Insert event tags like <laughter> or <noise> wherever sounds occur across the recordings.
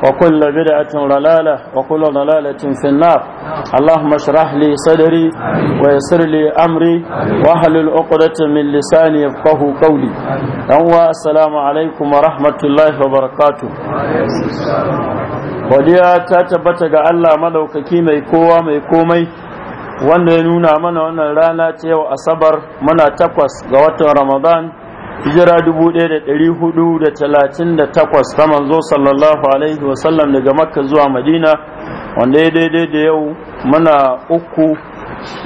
Waƙula biyar a tun la lalace, waƙula na lalace tun fina'a. Allahumma shirarli sadari, waye sirri amri? Wahal lu'uƙurita min lisanin ƙahu ƙaule. Ɗan uwa 'asalamu alaikum wa rahmatullahi wa barakatu. Godiya ta tabbata ga Allah madaukaki mai kowa mai komai. Wanda ya nuna mana wannan rana ta yau Asabar, muna takwas ga watan ramadan hijira 1438 ta manzo sallallahu alaihi wasallam daga makka zuwa madina wanda ya daidai da yau muna uku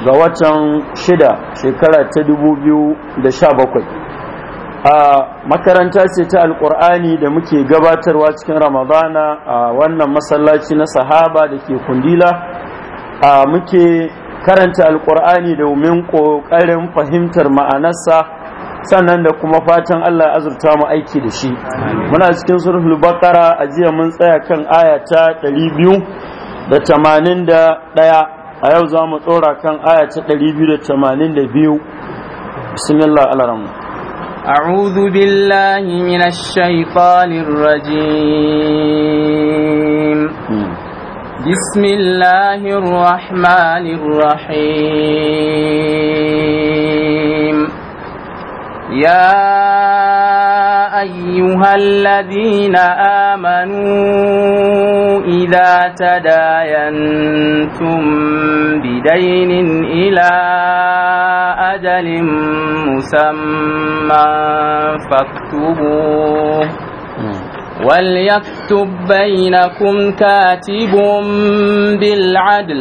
ga watan shida shekara ta 2017 a makaranta ce ta alkur'ani da muke gabatarwa cikin ramadana a wannan masallaci na sahaba da ke kundila a muke karanta alkur'ani domin ƙoƙarin fahimtar ma'anarsa sannan da kuma fatan Allah ya azurta mu aiki da shi muna cikin surhul baqara a jiya mun tsaya kan aya ta 281 a yau za mu tsora kan aya ta 282 bismillah alaram أعوذ بالله من الشيطان الرجيم بسم الله الرحمن الرحيم يا أيها الذين آمنوا إذا تداينتم بدين إلى أجل مسمى فاكتبوه وليكتب بينكم كاتب بالعدل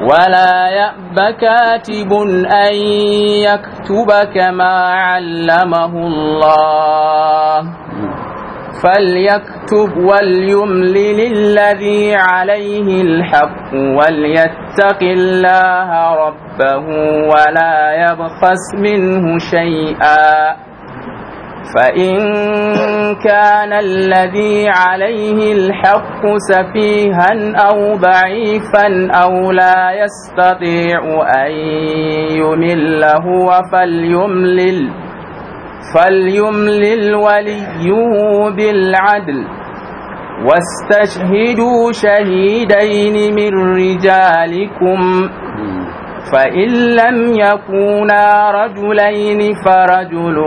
ولا يأب كاتب أن يكتب كما علمه الله فليكتب وليملل الذي عليه الحق وليتق الله ربه ولا يبخس منه شيئا فإن كان الذي عليه الحق سفيها أو ضعيفا أو لا يستطيع أن يمل هو فليملل فليملل وليه بالعدل واستشهدوا شهيدين من رجالكم فإن لم يكونا رجلين فرجل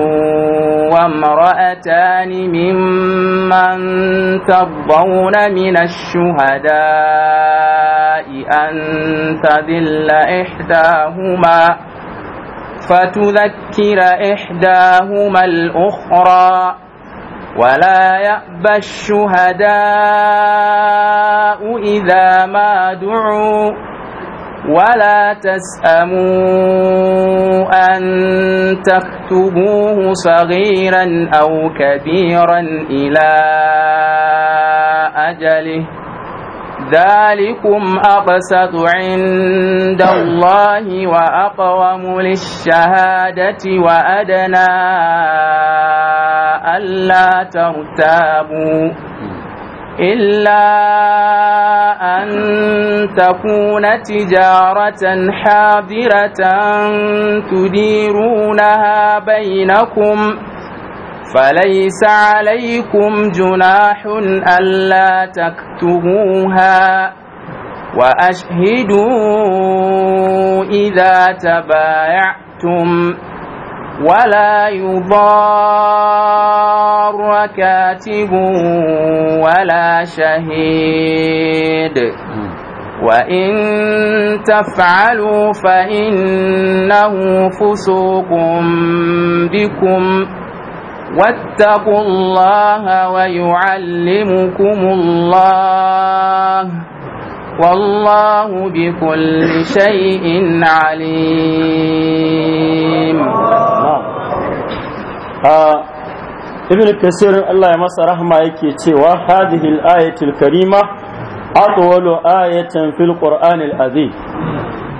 وامرأتان ممن ترضون من الشهداء أن تذل إحداهما فتذكر إحداهما الأخرى ولا يأبى الشهداء إذا ما دعوا ولا تسأموا أن تكتبوه صغيرا أو كبيرا إلى أجله ذلكم أقسط عند الله وأقوم للشهادة وأدنى ألا ترتابوا إلا أن تكون تجارة حاضرة تديرونها بينكم فليس عليكم جناح ألا تكتبوها وأشهدوا إذا تبايعتم ولا يضار كاتب ولا شهيد وإن تفعلوا فإنه فسوق بكم واتقوا الله ويعلمكم الله والله بكل شيء عليم ibn kasir Allah ya masa rahma yake cewa hadhihi al-ayatul karima atwalu ayatan fil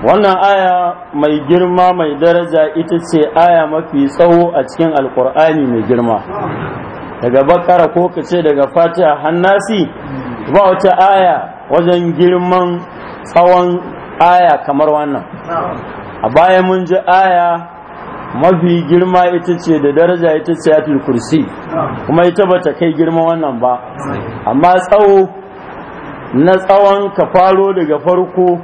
wannan aya mai girma mai daraja ita ce aya mafi tsawo a cikin alkur'ani mai girma daga bakara ko kace daga fatiha hannasi ba wata aya wajen girman tsawon aya kamar wannan a baya mun ji aya mafi girma ita ce da daraja ita ce ya kursi kuma ita ba ta kai girma wannan ba amma tsawo na tsawon ka faro daga farko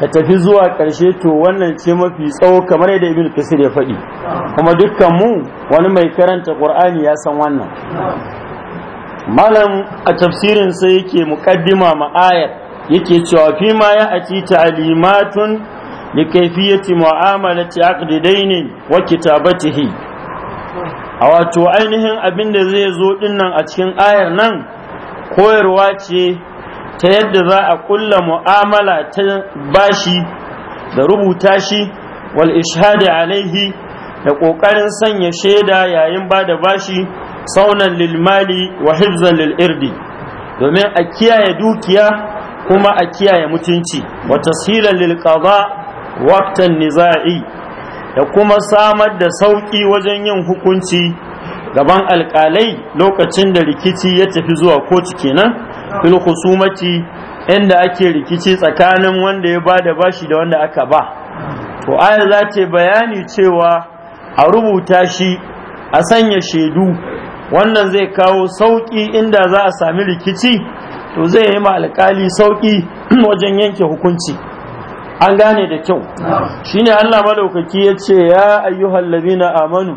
ka tafi zuwa ƙarshe to wannan ce mafi tsawo kamar yadda ibn kasir ya faɗi kuma dukkan mu wani mai karanta ƙur'ani ya san wannan malam a tafsirin sai yake muqaddima ma ayat yake cewa fi ma ya ati ta'limatun li kayfiyati mu'amalati aqdi dainin wa kitabatihi a wato ainihin abin da zai zo dinnan a cikin ayar nan koyarwa ce ta yadda za a kulla mu'amala ta bashi da rubuta shi wal ishadi alaihi da ƙoƙarin sanya shaida yayin ba da bashi saunan lilmali wa hifzan lil'irdi domin a kiyaye dukiya kuma a kiyaye mutunci wa tashilan lilqada waqtan niza'i da kuma samar da sauki wajen yin hukunci gaban alkalai lokacin da rikici ya tafi zuwa kotu kenan fil khusumati inda ake rikici tsakanin wanda ya bada bashi da wanda aka ba to ayar za bayani cewa a rubuta shi a sanya shaidu wannan zai kawo sauƙi inda za a sami rikici to zai yi ma alƙali sauƙi <clears throat> wajen yanke hukunci an gane da kyau shine Allah madaukaki ya ce ya ayyuhal labina amanu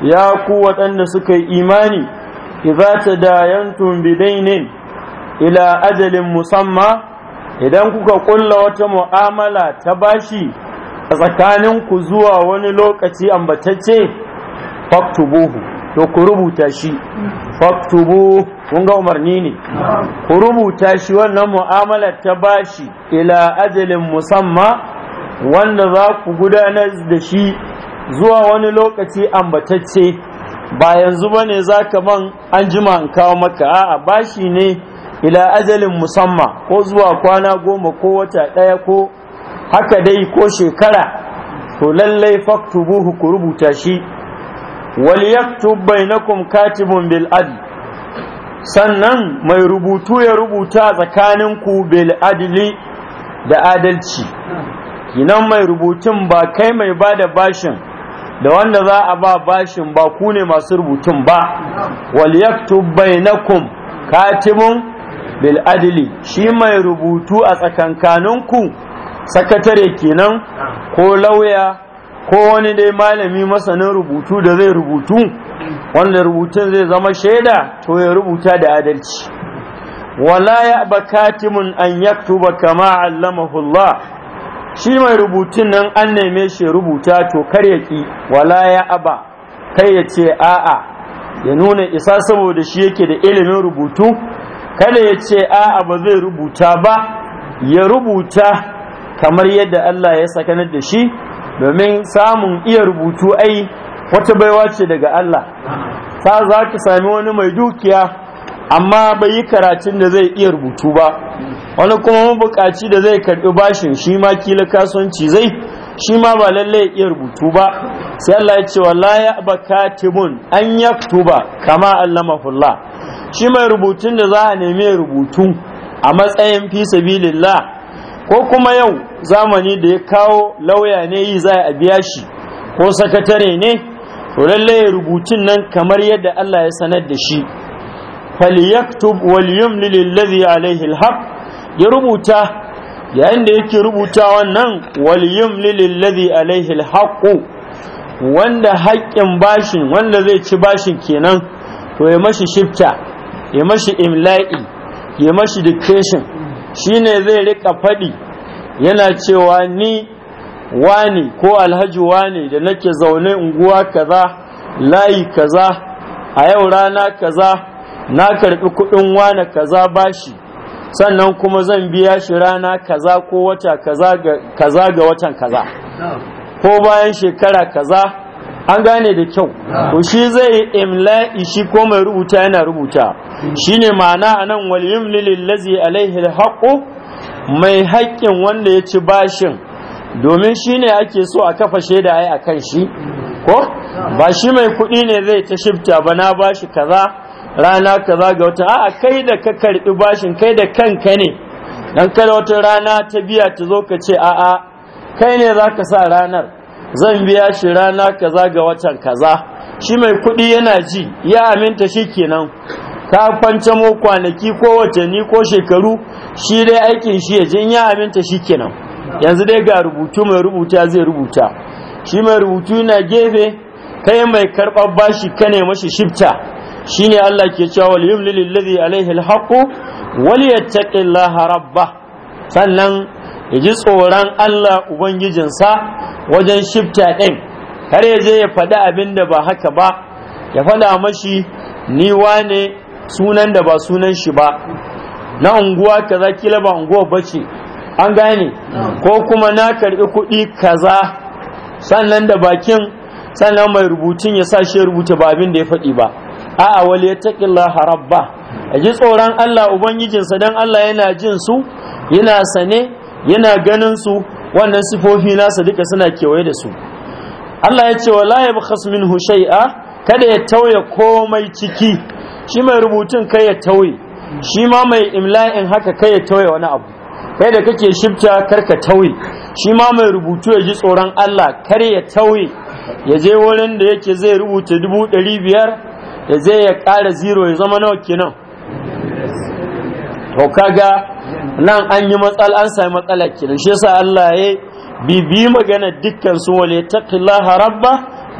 ya ku waɗanda suka yi imani da idza tadayantum ne, ila ajalin musamma idan kuka kulla wata mu'amala ta bashi a ku zuwa wani lokaci ambatacce faktubuhu to ku rubuta shi faktubu kun ga umarni ne ku rubuta shi wannan mu'amalar ta bashi ila ajalin musamma wanda za ku gudanar da shi zuwa wani lokaci ambatacce ba yanzu ba ne za ka man an jima in kawo maka a'a bashi ne ila ajalin musamma ko zuwa kwana goma ko wata ɗaya ko haka dai ko shekara to lallai faktubuhu ku rubuta shi wal yaktub bainakum katibun bil adl sannan mai rubutu ya rubuta tsakaninku bil adli da adalci kinan mai rubutun ba kai mai bada bashin da wanda za a ba bashin ba ku ne masu rubutun ba wal yaktub bainakum katibun bil adli shi mai rubutu a tsakankaninku sakatare kenan ko lauya ko wani dai malami masanin rubutu da zai rubutu wanda rubutun zai zama shaida to ya rubuta da adalci wala ya ba katimun an yaktuba kama allamahu Allah shi mai rubutun nan an neme shi rubuta to kar ya ki wala ya aba kai ya ce a'a ya nuna isa saboda shi yake da ilimin rubutu kada ya ce a'a ba zai rubuta ba ya rubuta kamar yadda Allah ya sakanar da shi domin samun iya rubutu ai wata baiwa ce daga Allah ta za ka sami wani mai dukiya amma bai yi karatun da zai iya rubutu ba wani kuma mabukaci da zai karɓi bashin shi ma kila kasuwanci zai shi ma ba lallai iya rubutu ba sai Allah ya ce wala ya bakatibun an yaktuba kama Allah mahulla. shi mai rubutun da za a nemi rubutu a matsayin fi sabilillah ko kuma yau zamani da ya kawo lauya ne yi za a biya shi ko sakatare ne to lallai rubutun nan kamar yadda Allah ya sanar da shi falyaktub wal yumli lillazi alaihi alhaq ya rubuta yayin da yake rubuta wannan wal yumli lillazi alaihi alhaq wanda haƙƙin bashin wanda zai ci bashin kenan to ya mashi shifta ya mashi imla'i ya mashi dictation Shi ne zai rika faɗi yana cewa ni wani ko alhaji wani da nake zaune unguwa kaza layi kaza a yau rana kaza na karɓi kuɗin wane kaza bashi sannan kuma zan biya shi rana kaza ko wata kaza ga watan kaza ko bayan shekara kaza an gane da kyau to shi zai imla'i shi ko mai rubuta yana rubuta shine ma'ana anan wal yumli lillazi alaihi alhaqu mai haƙƙin wanda ya ci bashin domin shine ake so a kafa shaida ai akan shi ko ba shi mai kuɗi ne zai ta shifta ba na bashi kaza rana kaza ga wata a'a kai da ka karɓi bashin kai da kanka ne dan kada wata rana ta biya ta zo ka ce a'a kai ne zaka sa ranar zan biya shi rana kaza ga watan kaza shi mai kuɗi yana ji ya aminta shi kenan ka kwance mu kwanaki ko watanni ko shekaru shi dai aikin shi ya jin ya aminta shi kenan yanzu dai ga rubutu mai rubuta zai rubuta shi mai rubutu yana gefe kai mai karɓar bashi ka ne mashi shifta ne Allah ke cewa wal yumlil alladhi alaihi alhaqu wal yattaqillaha rabbah sannan ya ji tsoron Allah Ubangijinsa wajen shifta ɗin har ya je ya faɗi abin da ba haka ba ya faɗa mashi ni wane sunan da ba sunan shi ba na unguwa kaza kila ba unguwa bace an gane ko kuma na karɓi kuɗi kaza sannan da bakin sannan mai rubutun ya sa shi rubuta ba abin da ya faɗi ba a'a wali ya rabba ji tsoron Allah ubangijinsa don Allah yana jin su yana sane yana ganin su wannan sifofi nasa duka suna kewaye da su Allah ya ce wa la yabkhas minhu shay'a kada ya tauye komai ciki shi mai rubutun kai ya tauye shi ma mai imla'in haka kai ya tauye wani abu kai da kake shifta karka tauye shi ma mai rubutu ya ji tsoron Allah kar ya tauye ya je wurin da yake zai rubuta dubu ɗari biyar ya zai ya ƙara zero ya zama nawa kenan to kaga nan an yi matsala an sami matsala kenan shi yasa Allah ya bibi magana dukkan su wale taqillaha rabba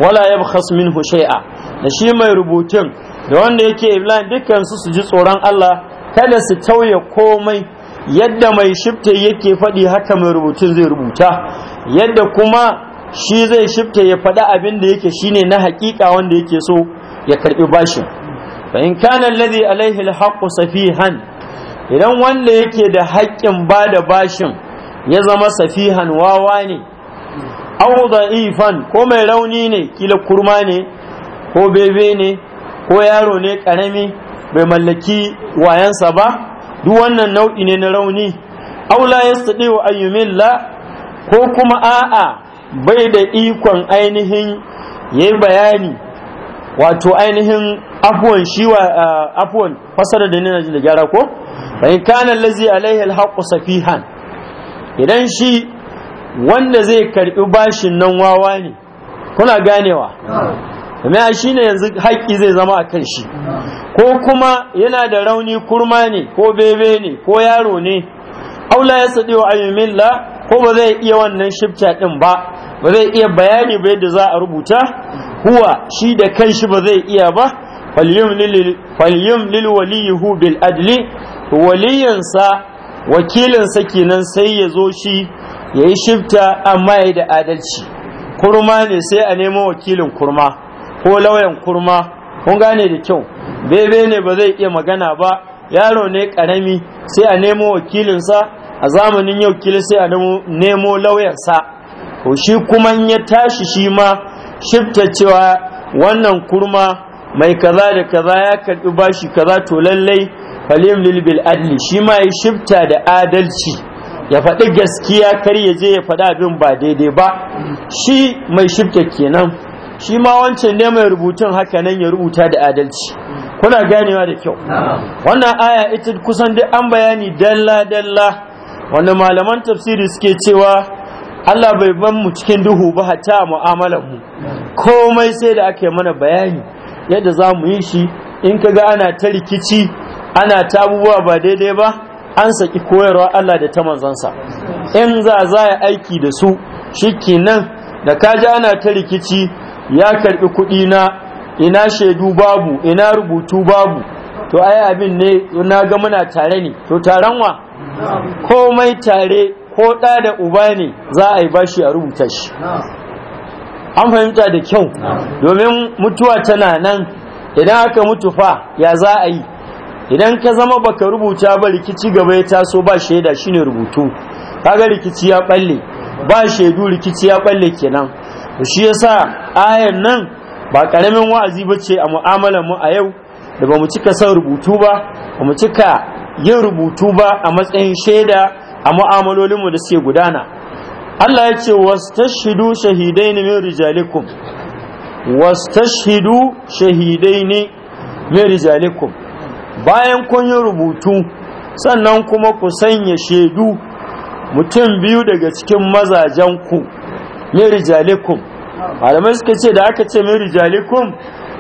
wala yabkhas minhu shay'a da shi mai rubutun da wanda yake iblan dukkan su su ji tsoron Allah kada su tauye komai yadda mai shifta yake faɗi haka mai rubutun zai rubuta yadda kuma shi zai shifta ya faɗi abin da yake shine na haƙiƙa wanda yake so ya karɓi bashin fa in kana alladhi alaihi alhaqqu safihan idan wanda yake da haƙƙin ba da bashin ya zama safihan wawa ne au ifan ko mai rauni ne kila kurma ne ko bebe ne ko yaro ne karami bai mallaki wayansa ba duk wannan nau'i ne na rauni au la ayyumin ayyumilla ko kuma a'a bai da ikon ainihin ya yi bayani wato ainihin afwan shi wa uh, afwan fasara da nuna da gyara ko fa in kana allazi alaihi alhaqu safihan idan shi wanda zai karbi bashin nan wawa ne kuna ganewa kuma shi ne yanzu haƙƙi zai zama a kan shi ko kuma yana da rauni kurma ne ko bebe ne ko yaro ne aula ya sadi wa ayyumilla ko ba zai iya wannan shifta ɗin ba ba zai iya bayani ba yadda za a rubuta huwa shi da kanshi ba zai iya ba falyum lil waliyihu bil adli waliyinsa wakilinsa kenan sai ya zo shi ya yi shifta amma ya da adalci kurma ne sai a nemo wakilin kurma ko lauyan kurma kun gane da kyau bebe ne ba zai iya magana ba yaro ne karami sai a nemo wakilinsa a zamanin yau kila sai a nemo lauyansa to shi kuma ya tashi shi ma shifta cewa wannan kurma mai kaza da kaza ya karbi bashi kaza to lallai falim lil bil adli shi ma ya shifta da adalci ya faɗi gaskiya kar ya je ya faɗi abin ba daidai ba shi mai shifta kenan shi ma wancan ne mai rubutun haka nan ya rubuta da adalci kuna ganewa da kyau wannan aya ita kusan duk an bayani dalla dalla wanda malaman tafsiri suke cewa Allah bai ban mu cikin duhu ba hatta mu'amalar mu komai sai da aka yi mana bayani yadda za mu yi shi in ka ga ana ta rikici ana ta abubuwa ba daidai ba an saki koyarwa Allah da ta manzansa in za za ya aiki da su nan da ka ji ana ta rikici ya karɓi kuɗi na ina shaidu babu ina rubutu babu to ai abin ne na ga muna tare ne to taron wa komai tare ko ɗa da uba ne za a yi bashi a rubuta shi an fahimta da kyau domin mutuwa tana nan idan aka mutu fa ya za a yi idan ka zama baka rubuta ba rikici gaba ya taso ba shaida shine rubutu kaga rikici ya balle ba shaidu rikici ya balle kenan shi yasa ayan nan ba karamin wa'azi ba ce a mu'amalar mu a yau da ba mu cika son rubutu ba ba mu cika yin rubutu ba a matsayin shaida a mu'amalolinmu da suke gudana Allah ya ce wastashhidu shahidaini min rijalikum wastashhidu shahidaini min rijalikum bayan kun yi rubutu sannan kuma ku sanya shaidu mutum biyu daga cikin mazajen ku min rijalikum malamai suka ce da aka ce min rijalikum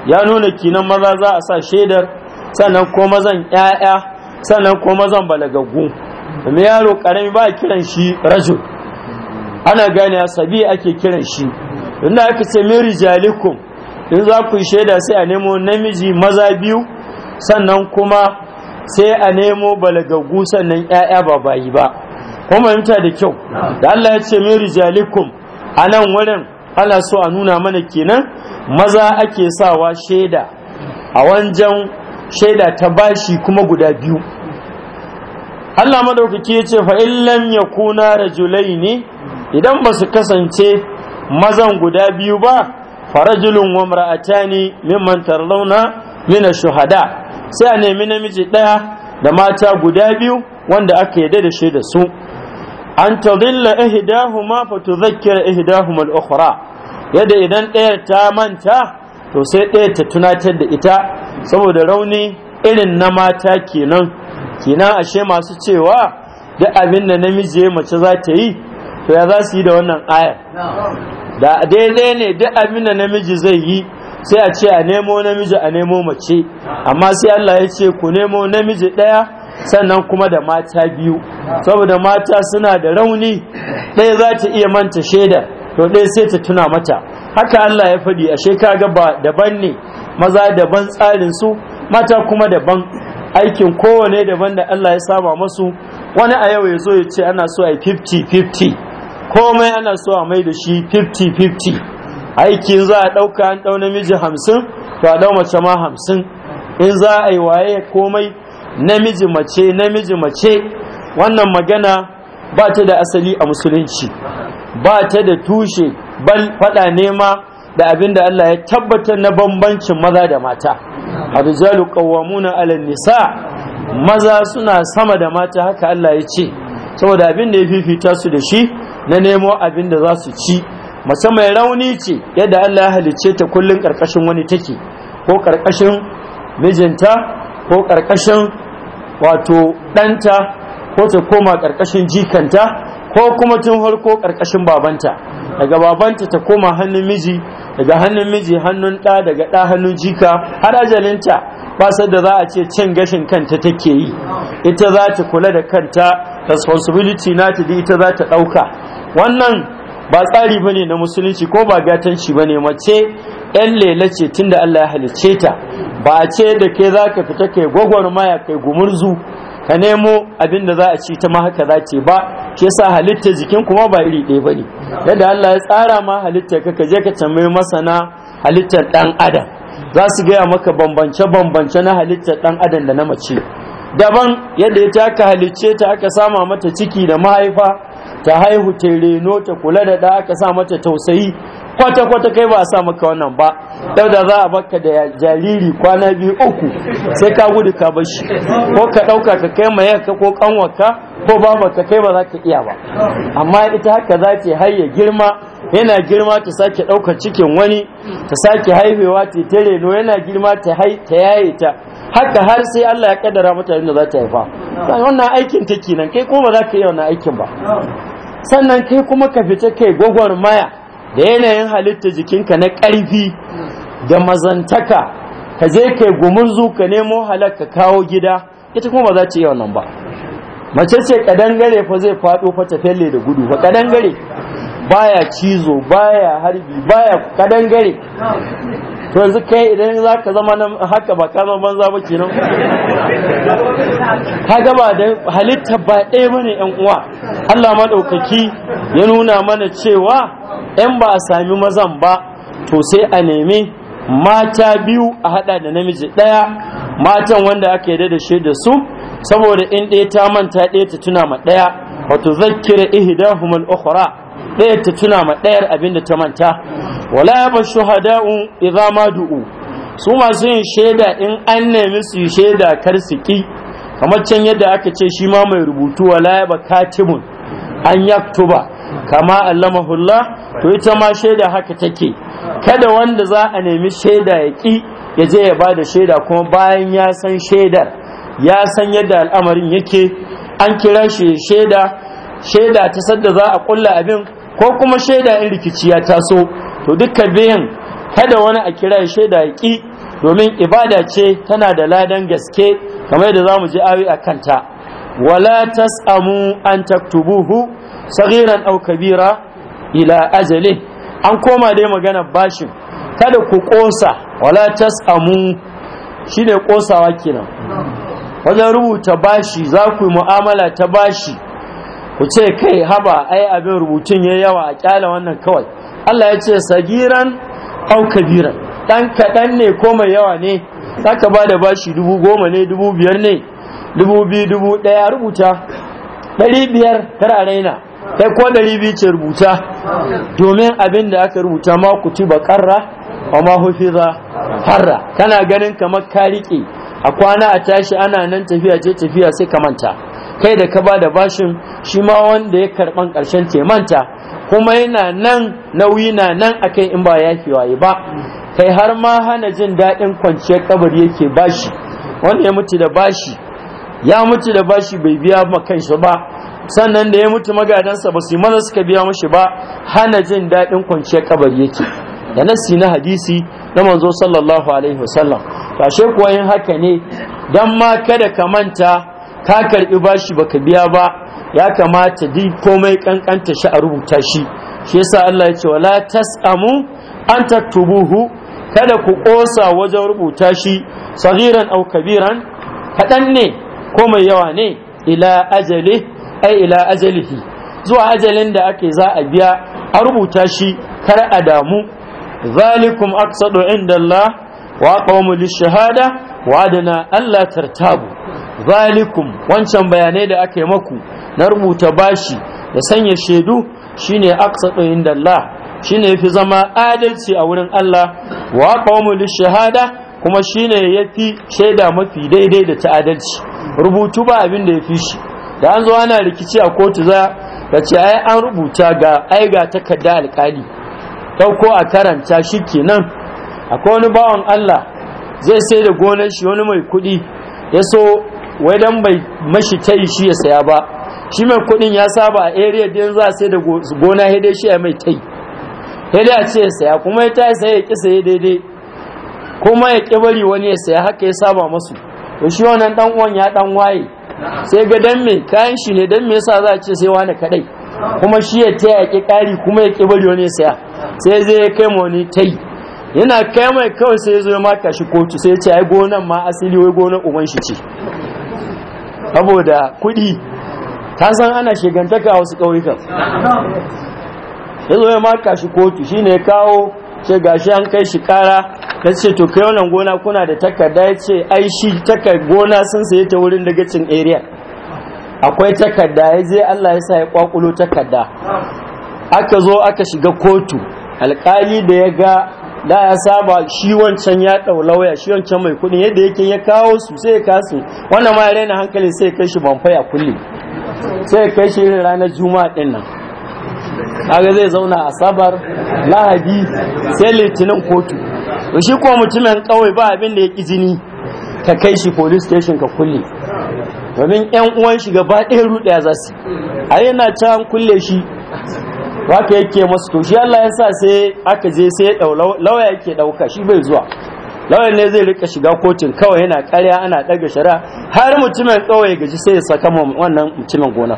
ya nuna kinan maza za a sa shaidar sannan ko mazan 'ya'ya sannan ko mazan balagaggu domin yaro karami ba kiran shi rajul ana gane sabi ake kiran shi inda aka ce min rijalikum in za ku yi shaida sai a nemo namiji maza biyu sannan kuma sai a nemo balagaggu sannan ‘ya'ya ba bayi ba kuma da kyau da Allah ya ce min rijalikum a nan wurin ana so a nuna mana kenan maza ake sawa shaida a wajen shaida ta bashi kuma guda biyu Allah madaukaki ya ce fa illam yakuna rajulaini idan ba su kasance mazan guda biyu ba farajulun wa ne mimman tarlauna mina shuhada sai a nemi namiji ɗaya da mata guda biyu wanda aka yarda da shi da su an tadilla ihdahuma fa tudhakkira ihdahuma al-ukhra yadda idan ɗaya ta manta to sai ɗaya ta tunatar da ita saboda rauni irin na mata kenan kenan ashe masu cewa duk abin da namiji mace za ta yi to ya za su yi da wannan ayar da daidai ne duk abin da namiji zai yi sai a ce a nemo namiji a nemo mace amma sai Allah ya ce ku nemo namiji ɗaya sannan kuma da mata biyu saboda mata suna da rauni ɗaya za ta iya manta shaida to ɗaya sai ta tuna mata haka Allah ya faɗi a kaga ba daban ne maza daban tsarin su mata kuma daban aikin kowane daban da Allah ya saba masu wani a yau ya zo ya ce ana so a yi 50-50 komai ana so a mai da shi 50-50 aiki za a ɗauka an ɗau namiji hamsin to a ɗau mace ma hamsin in za a yi waye komai namiji mace namiji mace wannan magana ba ta da asali a musulunci ba ta da tushe bal faɗa nema da abin da Allah ya tabbatar na bambancin maza da mata arjalu qawwamuna 'ala nisa maza suna sama da mata haka Allah ya ce saboda abin da ya fifita su da shi na nemo abin da za su ci mace mai rauni ce yadda Allah ya halicce ta kullum ƙarƙashin wani take ko ƙarƙashin mijinta ko ƙarƙashin wato ɗanta ko ta koma karkashin jikanta ko kuma tun harko ƙarƙashin babanta daga babanta ta koma hannun miji daga hannun miji hannun ɗa daga ɗa hannun jika har ajalinta ba da za a ce cin gashin kanta take yi ita za ta kula da kanta responsibility na ta da ita za ta ɗauka wannan ba tsari ba ne na musulunci ko ba gatanci ba ne mace ‘yan lela ce tun da Allah ya halicce ta ba a ce da ke za ka fita kai gwagwarmaya kai gumurzu ka nemo abin da za a ci ta ma haka za ce ba ke sa halitta jikin kuma ba iri ɗaya ba ne yadda Allah ya tsara ma halitta ka ka je ka tambayi masana halittar ɗan adam za su gaya maka bambance-bambance na halittar ɗan adam da na mace daban yadda ya taka halicce ta aka sama mata ciki da mahaifa ta haihu ta reno ta kula da da aka sa mata tausayi kwata kwata kai ba a sa maka wannan ba da da za a baka da jariri kwana biyu uku sai ka gudu ka bar ko ka dauka ka kai ma yanka ko kanwarka ko ka kai ba za ka iya ba amma ita haka za ta har girma yana girma ta sake daukar cikin wani ta sake haihuwa ta reno yana girma ta yaye ta haka har sai Allah ya kaddara mata abin za ta haifa wannan aikin ta kenan kai ko ba za ka iya wannan aikin ba sannan kai kuma ka fita kai gwagwarmaya maya da yanayin halitta jikinka na ƙarfi da mazantaka ka je kai gumurzu ka nemo halar ka kawo gida ita kuma ba za ta iya wannan ba mace ce kadangare fa zai faɗo fa ta felle da gudu fa kadangare baya cizo baya harbi baya kadangare to yanzu kai idan za ka zama nan haka ba kama banza ba kenan ka ba da halitta ba ɗaya ba ne uwa Allah maɗaukaki ya nuna mana cewa ‘yan ba a sami mazan ba to sai a nemi mata biyu a haɗa da namiji ɗaya matan wanda aka yarda da shi da su saboda in ɗaya ta manta ɗaya ta tuna ma ɗaya wato zakkira ihdahum ukhra Ɗaya ta tuna ma ɗayar abin da ta manta wala ya bar shuhada'u idza ma du'u su masu yin shaida in an nemi su yi shaida kar su ki kamar can yadda aka ce shi ma mai rubutu wala ya ba katibun an yaktuba kama allamahullah to ita ma shaida haka take kada wanda za a nemi shaida ya ki ya je ya bada shaida kuma bayan ya san shaidar ya san yadda al'amarin yake an kira shi shaida shaida ta sadda za a kulla abin ko kuma shaida in rikici ya taso to dukkan biyan kada wani a kira shaida ya ki domin ibada ce tana da ladan gaske kamar da za mu ji awi a kanta wala tas'amu an taktubuhu saghiran aw kabira ila ajali an koma dai magana bashin kada ku kosa wala tas'amu shine kosawa kenan wajen rubuta bashi za ku yi mu'amala ta bashi ku ce kai haba ai abin rubutun ya yawa a kyala wannan kawai Allah ya ce sagiran au kabiran dan kaɗan ne ko mai yawa ne zaka ba da bashi dubu goma ne dubu biyar ne dubu biyu dubu ɗaya rubuta ɗari biyar kar a raina kai ko ɗari biyu ce rubuta domin abin da aka rubuta ma ku tuba karra wa ma hufiza harra kana ganin kamar ka riƙe a kwana a tashi ana nan tafiya ce tafiya sai ka manta kai da ka ba da bashin shi ma wanda ya karban karshen temanta kuma yana nan nauyi na nan a kai in ba waye ba kai har ma hana jin daɗin kwanciyar kabari yake bashi wanda ya mutu da bashi ya mutu da bashi bai biya ma kansa ba sannan da ya mutu magadansa ba su maza suka biya mashi ba hana jin daɗin kwanciyar kabari yake da nasi na hadisi na manzo sallallahu alaihi wasallam kashe kuwa yin haka ne dan ma kada ka manta ka karbi bashi baka biya ba ya kamata di komai kankanta shi a rubuta shi shi yasa Allah ya ce wala tasamu an tattubuhu kada ku kosa wajen rubuta shi sagiran aw kabiran kaɗan ne ko mai yawa ne ila ajali ai ila ajalihi zuwa ajalin da ake za a biya a rubuta shi kar a damu zalikum aqsadu indallah wa qawmu lishahada wa adana Allah tartabu zalikum wancan bayanai da aka yi maku na rubuta bashi da sanya shaidu shine aqsatu inda Allah shine yafi zama adalci a wurin Allah wa qawmu shahada kuma shine yafi shaida mafi daidai da ta adalci rubutu ba abin da yafi shi da an zo ana rikici a kotu za ka ce ai an rubuta ga ai ga takarda alkali dauko a karanta shi kenan akwai wani bawan Allah zai sai da gonar shi wani mai kuɗi ya so wai dan bai mashi ta shi ya saya ba shi mai kudin ya saba a area din za sai da gona hede shi ya mai tai hede a ce ya saya kuma ya ta saya ya ki saye daidai kuma ya ki bari wani ya saya haka ya saba masu to shi wannan dan uwan ya dan waye sai ga dan me kayan shi ne dan me yasa za a ce sai wani kadai kuma shi ya taya ya ki kari kuma ya ki bari wani ya saya sai zai kai mu wani tai yana kai mai kawai sai zo maka shi kotu sai ce ai gonan ma asili wai gonan uban shi ce saboda kuɗi ta san ana shigantaka a wasu ƙauyukan ya zo ya maka shi kotu shi ne kawo ce gashi an kai shi kara ta ce to kai wannan gona kuna da takarda ya ce ai shi takar gona sun sayi ta wurin cin area akwai takarda ya je Allah ya sa ya kwakulo takarda aka zo aka shiga kotu alkali da ya ga da ya saba shi wancan ya ɗau lauya shi wancan mai kuɗin yadda yake ya kawo su sai ya kasu wannan ma ya raina hankali sai ya kai shi bamfaya kulle sai ya kai shi irin ranar juma'a ɗin nan kaga zai zauna a sabar lahadi sai litinin kotu to shi kuma mutumin kawai ba abin da ya ƙi jini ka kai shi police station ka kulle domin yan uwan shi gaba ɗaya ruɗe za su a yana can kulle shi waka yake masu to shi Allah ya sa sai aka je sai ya dau lawaya yake dauka shi bai zuwa lawayan ne zai rika shiga kotun kawai yana karya ana daga shari'a har mutumin kawai gaji sai ya saka wannan mutumin gona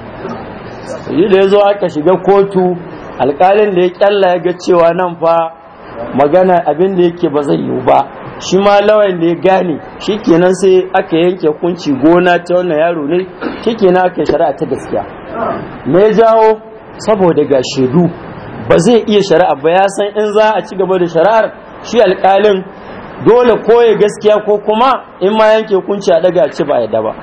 shi da ya zo aka shiga kotu alkalin da ya kyalla ya ga cewa nan fa magana abin da yake ba zai yiwu ba shi ma lawayan da ya gane shi kenan sai aka yanke hukunci gona ta wannan yaro ne shi kenan aka shari'a ta gaskiya me jawo saboda ga shaidu ba zai iya shari'a ba ya san in za a ci gaba da shari'ar shi alƙalin dole koya gaskiya ko kuma in ma yanke hukunci a daga ci ba yadda ba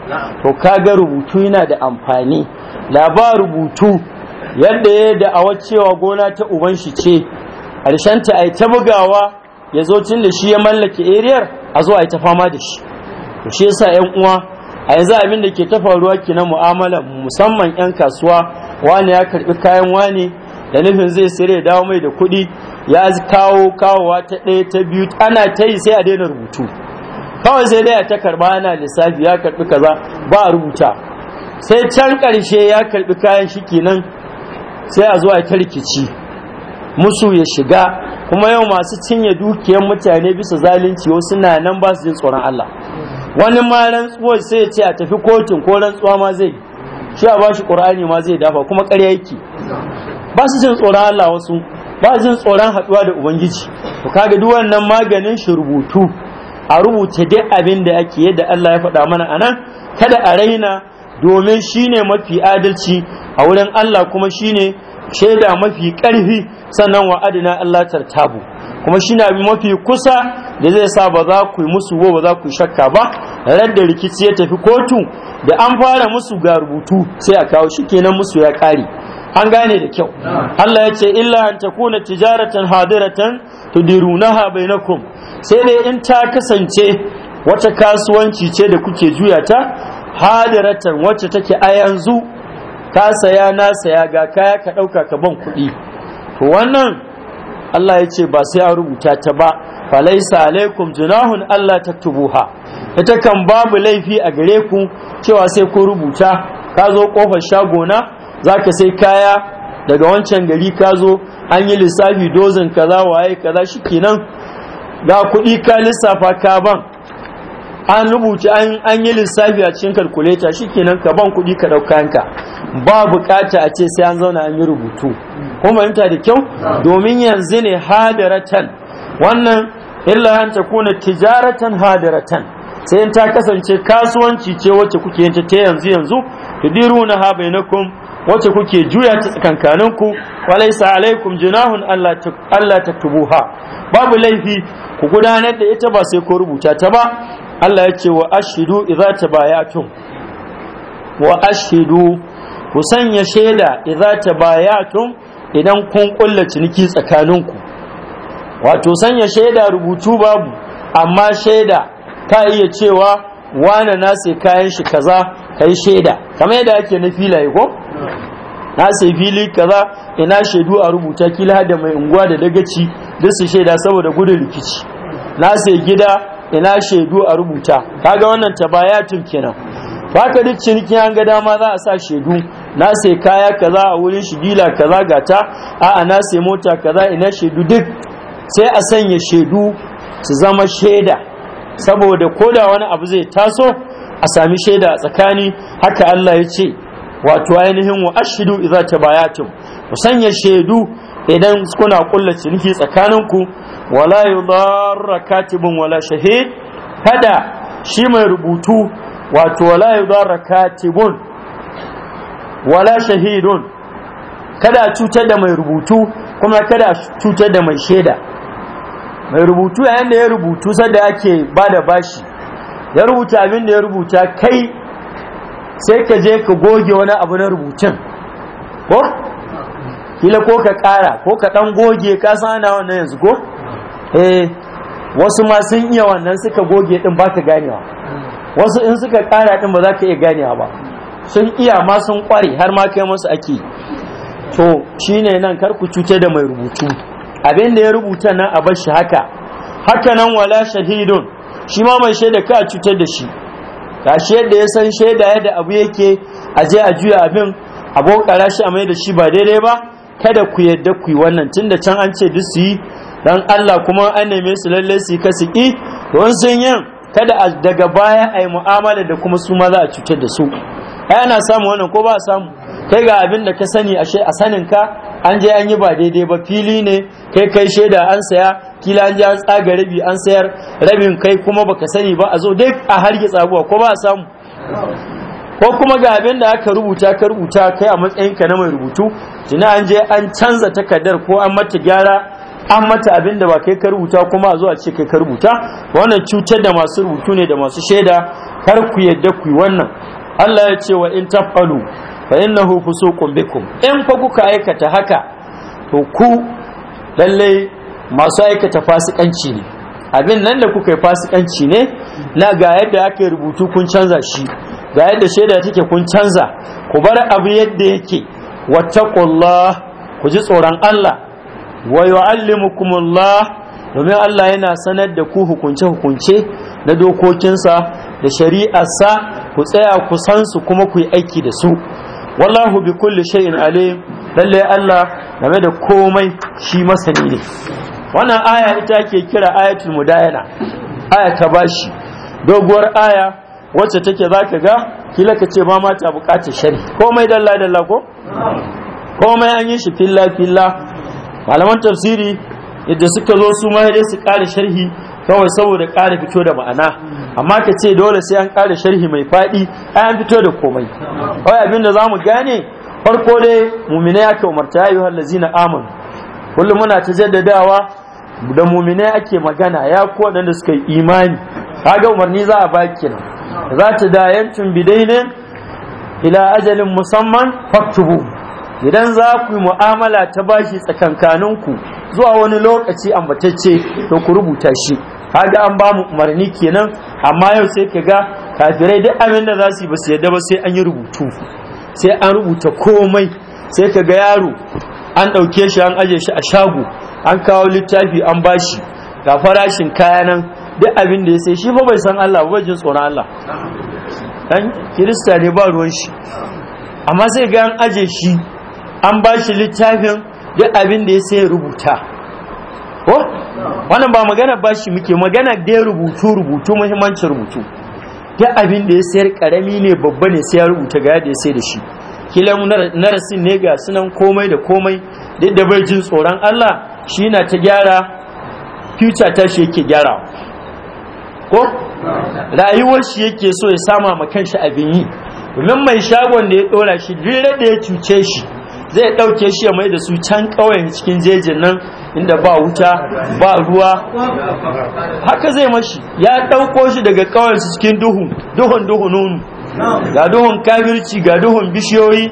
to ga rubutu yana da amfani laba rubutu yadda ya da cewa gona ta uban shi ce alishanta ta a ta bugawa ya zo tun da shi ya mallake eriyar a zo a yi ta fama da shi to shi yasa yan uwa a yanzu abin da ke ta faruwa na mu'amala musamman yan kasuwa wani ya karbi kayan wani da nufin zai sayar ya dawo mai da kuɗi ya kawo kawowa ta ɗaya ta biyu ana ta yi sai a daina rubutu kawai sai dai ta karba ana lissafi ya karbi kaza ba a rubuta sai can ƙarshe ya karbi kayan shi kenan sai a zuwa ta rikici musu ya shiga kuma yau masu cinye dukiyar mutane bisa zalunci wasu na nan ba su jin tsoron Allah wani ma rantsuwar sai ya ce a tafi kotun ko rantsuwa ma zai yi shi a bashi qur'ani ma zai dafa kuma ƙarya yake ba su jin tsoron Allah wasu ba su jin tsoron haɗuwa da ubangiji to kaga duk wannan maganin shi rubutu a rubuta duk abin da ake yadda Allah ya faɗa mana anan kada a raina domin shine mafi adalci a wurin Allah kuma shine shaida mafi ƙarfi sannan adina Allah tartabu kuma shi na mafi kusa da zai sa ba za ku yi musu ba za ku shakka ba ran da rikici ya tafi kotu da an fara musu ga rubutu sai a kawo shi kenan musu ya kare an gane da kyau Allah ya ce illa an takuna tijaratan hadiratan tudirunaha bainakum sai dai in ta kasance wata kasuwanci ce da kuke juya ta hadiratan wacce take a yanzu ka saya na saya ga kaya ka ɗauka ka ban kuɗi to wannan Allah ya ce ba sai an rubuta ta ba falaisa alaikum junahun Allah ta tubuha. ita kan babu laifi a gare ku cewa sai ku rubuta ka zo kofar shagona zaka sai kaya daga wancan gari ka zo an yi lissafi dozin kaza waye kaza shikenan ga kuɗi ka lissafa ka ban an rubuta an yi lissafi a cikin kalkuleta shikenan ka ban kuɗi ka ɗauka ka ba bukata a ce sai an zauna an yi rubutu kuma yanta da kyau domin yanzu ne hadiratan wannan illa an ta kuna tijaratan hadaratan sai in ta kasance kasuwanci ce wacce kuke yanta ta yanzu yanzu na tudiruna na bainakum wacce kuke juya ta tsakankaninku walaisa alaikum junahun Allah ta tubuha babu laifi ku gudanar da ita ba sai ko rubuta ta ba Allah ya ce wa ashidu idza tabayatum wa ashidu ku sanya shaida idza tabayatum idan kun kulla ciniki tsakaninku wato sanya shaida rubutu babu amma shaida ka iya cewa wane na sai kayan shi kaza kai shaida kamar yadda ake na filaye ko na sai fili kaza ina shaidu a rubuta kila da mai unguwa da dagaci duk su shaida saboda gudun rikici na sai gida ina shaidu a rubuta kaga wannan tabayatun kenan ka duk ciniki an ga dama za a sa shaidu na sai kaya kaza a wurin shi dila kaza gata a'a na sai mota kaza ina shaidu duk sai a sanya shaidu su zama shaida saboda koda wani abu zai taso a sami shaida a tsakani haka Allah ya ce wato ainihin wa ashidu idza tabayatum ku sanya shaidu idan kuna kulla ciniki tsakaninku wala yudarra katibun wala shahid kada shi mai rubutu wato wala yudarra katibun wala shahidun kada cutar da mai rubutu kuma kada cutar da mai shaida mai rubutu yayin da ya rubutu sadda ake ba da bashi ya rubuta abin da ya rubuta kai sai ka je ka goge wani abu na rubutun ko kila ko ka kara ko ka ɗan goge ka sana wannan yanzu ko eh wasu ma sun iya wannan suka goge din ba ka ganewa wasu in suka kara din ba za ka iya ganewa ba sun iya ma sun ƙware har ma kai musu ake to shine nan kar ku cuce da mai rubutu abin da ya rubuta nan a bar shi haka haka nan wala shahidun shi ma mai shaida ka cutar da shi ga yadda ya san shaida yadda abu yake a je a juya abin abokara shi a mai da shi ba daidai ba kada ku yadda ku yi wannan tunda can an ce duk su yi dan Allah kuma an neme su lalle su ka su ki don sun yin kada daga baya a yi mu'amala da kuma su ma za a cutar da su ai ana samu wannan ko ba samu kai ga abin da ka sani ashe a sanin ka an je an yi ba daidai ba fili ne kai kai shaida an saya kila an je an tsaga rabi an sayar rabin kai kuma baka sani ba a zo dai a harge tsaguwa ko ba samu ko kuma ga abin da aka rubuta ka rubuta kai a matsayinka na mai rubutu tuna an je an canza takardar ko an mata gyara an mata abin da ba kai ka rubuta kuma a zuwa ce kai ka rubuta wannan cutar da masu rubutu ne da masu shaida kar ku yadda ku yi wannan Allah ya ce wa in tafalu fa innahu fusuqun bikum in fa kuka aikata haka to ku lalle masu aikata fasikanci ne abin nan da kuka yi fasikanci ne na ga yadda aka rubutu kun canza shi ga yadda shaida take kun canza ku bar abu yadda yake wattaqullah ku ji tsoron Allah wa yu'allimukumullah domin Allah yana sanar da ku hukunce hukunce na dokokinsa da shari'arsa ku tsaya ku san su kuma ku yi aiki da su wallahu bi kulli shay'in alim lalle Allah game da komai shi masani ne wannan aya ita ake kira ayatul mudayana aya ta bashi doguwar aya wacce take za ka ga kila ka ce ba ma ta bukatar shari komai dalla dalla ko komai an yi shi fila-fila? malaman tafsiri yadda suka zo su ma dai su ƙara sharhi kawai saboda ƙara fito da ma'ana amma ka ce dole sai an ƙara sharhi mai faɗi ai an fito da komai kawai abinda da za gane farko dai muminai aka umarta ya yi hallazina amin kullum muna ta jaddadawa da muminai ake magana ya ko da suka yi imani kaga umarni za a baki kenan za ta yancin bidainin ila ajalin musamman faktubu idan za ku mu'amala ta bashi tsakankaninku zuwa wani lokaci ambatacce to ku rubuta shi kaga an ba mu umarni kenan amma yau sai ka ga kafirai duk abin da za su yi ba su yadda ba sai an yi rubutu sai an rubuta komai sai ka ga yaro an ɗauke shi an aje shi a shago an kawo littafi an bashi ga farashin kaya duk abin da ya sai shi fa bai san Allah ba jin tsoron Allah dan kirista ne ba ruwan shi amma sai ga an aje shi an ba shi littafin duk abin da ya sai rubuta ko wannan ba magana ba shi muke magana da rubutu rubutu muhimmancin rubutu duk abin da ya sayar karami ne babba ne sai ya rubuta ga yadda ya sai da shi kila narasin ne ga sunan komai da komai duk da bai jin tsoron Allah shi na ta gyara future ta shi yake gyara ko rayuwar shi yake so ya sama ma kanshi abin yi domin mai shagon da ya dora shi dire da ya cuce shi zai ɗauke shi ya mai da su can ƙauyen cikin jejin nan inda ba wuta ba ruwa haka zai mashi ya ɗauko shi daga ƙauyen su cikin duhun duhun duhun ga duhun kabirci, ga duhun bishiyoyi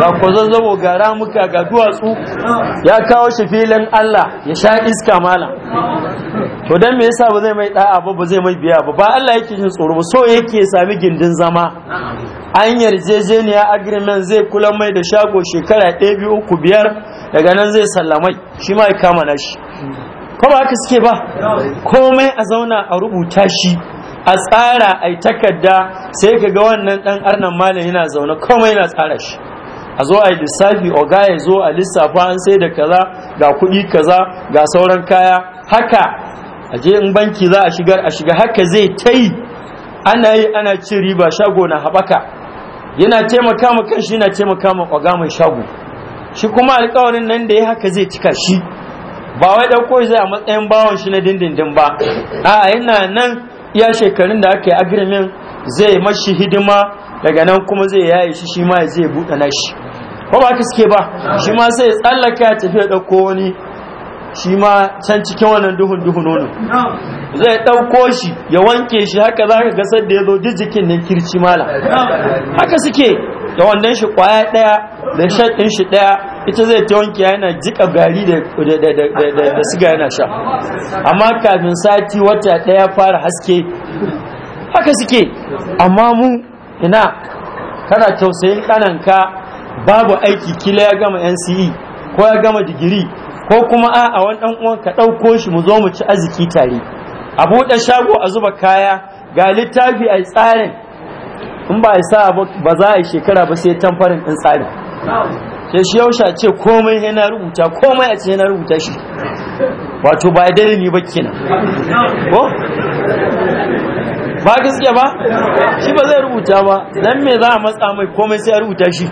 ga kwazazzabo ga ramuka ga duwatsu ya kawo shi filin Allah ya sha iska malam to dan me yasa ba zai mai ɗa'a ba ba zai mai biya ba ba Allah yake jin tsoro ba so yake sami gindin zama an yarjejeniya agreement zai kula mai da shago shekara ɗaya biyu uku biyar daga nan zai sallamai shi ma ya kama na shi ko ba haka suke ba komai a zauna a rubuta shi a tsara ai takarda sai ka ga wannan dan arnan malam yana zaune komai yana tsara shi a zo a yi lissafi oga ya zo a lissafa an sai da kaza ga kuɗi kaza ga sauran kaya haka a je in banki za a shiga a shiga haka zai ta yi ana yi ana cin riba shago na haɓaka yana taimaka ma kanshi yana taimaka ma oga mai shago shi kuma alkawarin nan da ya haka zai cika shi ba wai ɗauko shi a matsayin bawon shi na dindindin ba a yana nan iya shekarun da aka yi agreement zai mashi hidima daga nan kuma zai yaye shi shi ma zai buɗe nashi ba ba ka suke ba shi ma sai tsallaka ya tafi ya ɗauko wani shi ma can cikin wannan duhun duhun nono zai ɗauko shi ya wanke shi haka za ka gasar da ya zo jikin na kirci mala haka suke da wannan shi kwaya ɗaya da shaɗin shi ɗaya ita zai ta wanke yana jiƙa gari da siga yana sha amma kafin sati wata ɗaya fara haske haka suke amma mu ina kana tausayin kananka babu aiki kila ya gama NCE ko ya gama digiri ko kuma a a wani dan uwan ka ɗauko shi mu zo mu ci arziki tare a buɗe shago a zuba kaya ga littafi a tsarin in ba a sa ba za a yi shekara ba sai tamfarin ɗin tsarin sai shi yausha ce komai yana rubuta komai a ce yana rubuta shi wato ba ya ni ba kenan ko ba gaske ba shi ba zai rubuta ba dan me za a matsa mai komai sai ya rubuta shi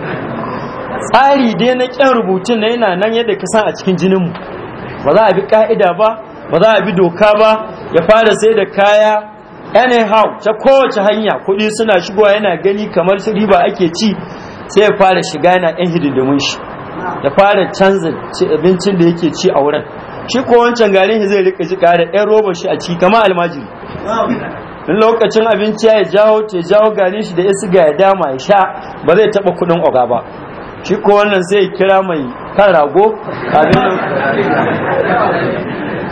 tsari dai na kyan rubutun na yana nan yadda ka san a cikin jininmu ba za a bi ka'ida ba ba za a bi doka ba ya fara sai da kaya anyhow ta kowace hanya kuɗi suna shigowa yana gani kamar su riba ake ci sai ya fara shiga yana ɗan hidindimin shi ya fara canza abincin da yake ci a wurin shi ko wancan garin shi zai rika jika da ɗan roba shi a ciki kama almajiri in lokacin abinci ya jawo ta jawo garin shi da ya siga ya dama ya sha ba zai taɓa kuɗin oga ba shi ko wannan sai kira mai kan rago kafin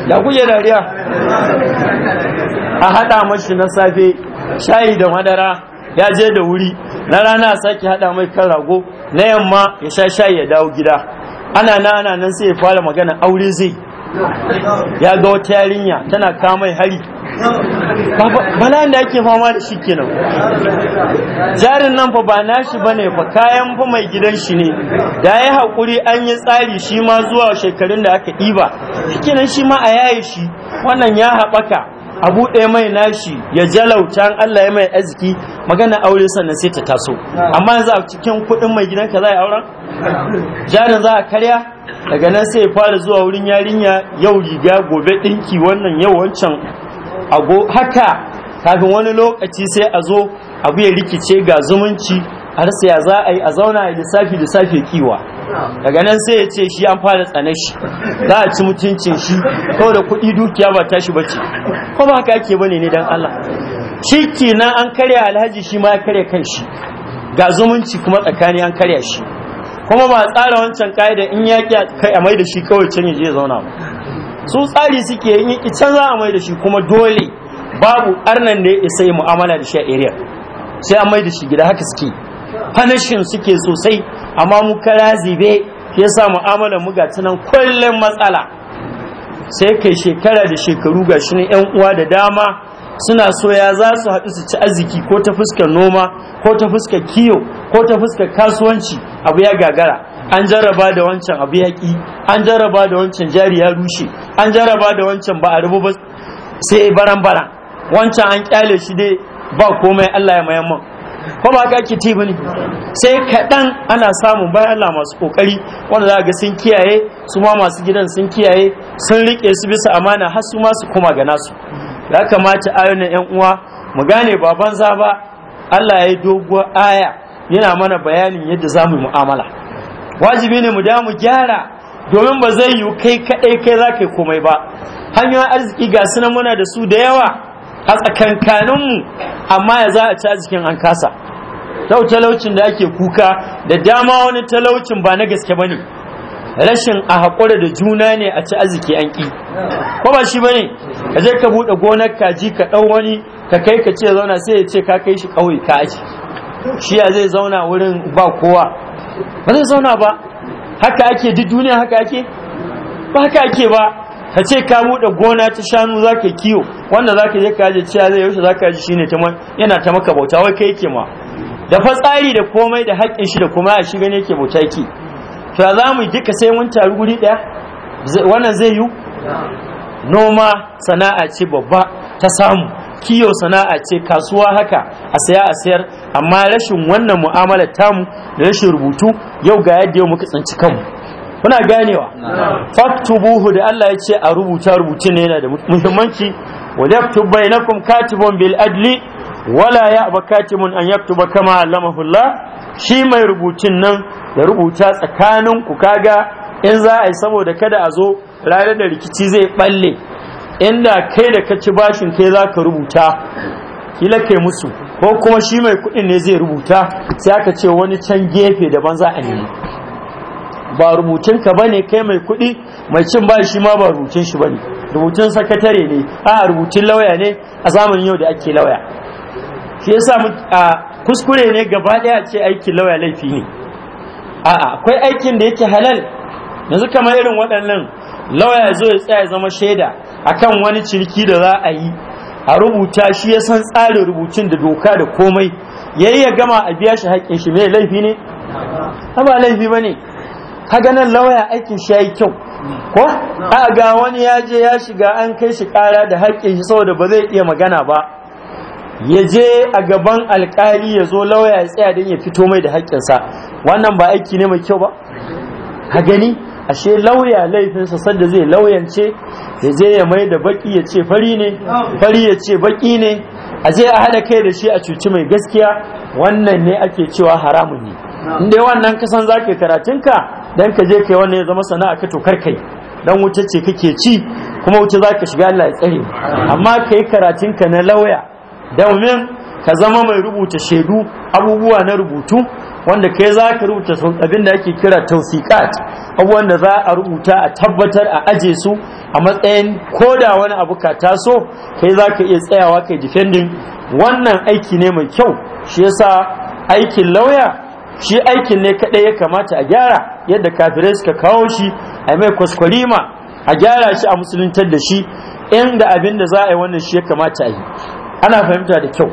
da kuke dariya a haɗa mashi na safe shayi da madara ya je da wuri na rana sake haɗa mai kan rago na yamma ya sha shayi ya dawo gida ana nan ana nan sai ya fara magana aure zai ya ga wata yarinya tana kamai hari bala'in da ake fama da shi kenan jarin nan fa ba nashi bane fa kayan fa mai gidan shi ne da ya haƙuri an yi tsari shi ma zuwa shekarun da aka ɗiba shi kenan shi ma a yayi shi wannan ya haɓaka a buɗe mai nashi ya jalauta Allah ya mai arziki magana aure sannan sai ta taso amma yanzu a cikin kuɗin mai gidanka za a yi auren jarin za a karya daga nan sai ya fara zuwa wurin yarinya yau riga gobe ɗinki wannan yau wancan ago haka kafin wani lokaci sai a zo abu ya rikice ga zumunci har sai ya za a yi a zauna a lissafi lissafi kiwa daga nan sai ya ce shi an fara tsane shi za a ci mutuncin shi kawai da kuɗi dukiya ba tashi ba ce ko ba haka ake bane ne dan Allah shi kenan an karya alhaji shi ma ya karya kan shi ga zumunci kuma tsakani an karya shi kuma ba tsara wancan ka'ida in ya kai a mai da shi kawai can ya zauna ba su tsari suke in yaki can za a mai da shi kuma dole babu arnan da ya isa yi mu'amala da shi a area sai an mai da shi gida haka suke Fanishin suke sosai amma mu kara zibe shi yasa mu'amalar mu ga tunan kullum matsala sai kai shekara da shekaru ga shi yan uwa da dama suna soya za su haɗu su ci arziki ko ta fuskar noma ko ta fuskar kiyo ko ta fuskar kasuwanci abu ya gagara an jarraba da wancan abu ya ƙi an jarraba da wancan jari ya rushe an jarraba da wancan ba a rubu ba sai baran baran wancan an ƙyale shi dai ba komai Allah ya mayan ko ba haka ake bane sai kaɗan ana samun bayan Allah masu kokari wanda za ga sun kiyaye su ma masu gidan sun kiyaye sun rike su bisa amana har su ma su koma ga nasu ya kamata ayoyin yan uwa mu gane ba banza ba Allah ya yi doguwar aya yana mana bayanin yadda za mu yi mu'amala wajibi ne mu da mu gyara domin ba zai yi kai kaɗai kai za ka komai ba hanyoyin arziki ga sunan muna da su da yawa a tsakankaninmu amma ya za a ci jikin an kasa dau talaucin da ake kuka da dama wani talaucin ba na gaske ba ne rashin a haƙura da juna ne a ci arziki an ƙi ko ba shi ba ne ka je ka buɗe gonar kaji ka ɗau wani ka kai ka ce zauna sai ya ce ka kai shi ƙauye ka aji shi ya zai zauna wurin ba kowa ba zai zauna ba haka ake duk duniya haka ake ba haka ake ba ka ce ka buɗe gona ta shanu za ka kiwo wanda za ka je ka je ciya zai yaushe za ka ji shine ta yana ta maka bauta wai kai yake ma da fa tsari da komai da haƙƙin shi da kuma a shi gane yake bauta ki to za mu duka sai mun taru guri ɗaya wannan zai yi noma sana'a ce babba ta samu kiyo sana'a ce kasuwa haka a saya a sayar amma rashin wannan mu'amalar tamu da rashin rubutu yau ga yadda yau muka tsinci kanmu kuna ganewa faktubuhu da Allah ya ce a rubuta rubutun ne yana da muhimmanci wa bainakum katibun bil adli wala ya'ba katibun an yaktuba kama allamahu Allah shi mai rubutun nan ya rubuta tsakanin ku kaga in za a yi saboda kada a zo ranar da rikici zai balle inda kai da ka ci bashin kai za ka rubuta kila kai musu ko kuma shi mai kuɗin ne zai rubuta sai aka ce wani can gefe daban za a nemi ba rubutun ka bane kai mai kuɗi mai cin ba shi ma ba rubutun shi bane rubutun sakatare ne a rubutun lauya ne a zamanin yau da ake lauya shi yasa a kuskure ne gaba ɗaya ce aikin lauya laifi ne a'a akwai aikin da yake halal yanzu kamar irin waɗannan lauya zo ya tsaya zama shaida akan wani ciniki da za a yi a rubuta shi ya san tsarin rubutun da doka da komai yayi ya gama a biya shi haƙƙin shi mai laifi ne ba laifi bane kaga nan lauya aikin shi yayi kyau ko a ga wani ya je ya shiga an kai shi kara da haƙƙin shi saboda ba zai iya magana ba ya je a gaban alƙali ya zo lauya ya tsaya don ya fito mai da sa wannan ba aiki ne mai kyau ba a gani ashe lauya laifinsa sanda zai lauyance ya je ya mai da baki ya ce fari ne fari ya ce baki ne a je a hada kai da shi a cuci mai gaskiya wannan ne ake cewa haramun ne dai wannan kasan karatun ka karatunka dan ka je kai wannan ya zama sana'a ka to karkai dan wuce ce kake ci kuma wuce zaka shiga Allah ya tsare amma kai karatun ka na lauya domin ka zama mai rubuta shaidu abubuwa na rubutu wanda kai zaka ka rubuta abin da ake kira tausikat abubuwan da za a rubuta a tabbatar a aje su a matsayin koda wani abu ka taso kai zaka iya tsayawa kai defending wannan aiki ne mai kyau shi yasa aikin lauya shi aikin ne kaɗai ya kamata a gyara yadda kafirai suka kawo shi a mai kwaskwalima a gyara shi a musuluntar da shi inda abin da za a yi wannan shi ya kamata a yi ana fahimta da kyau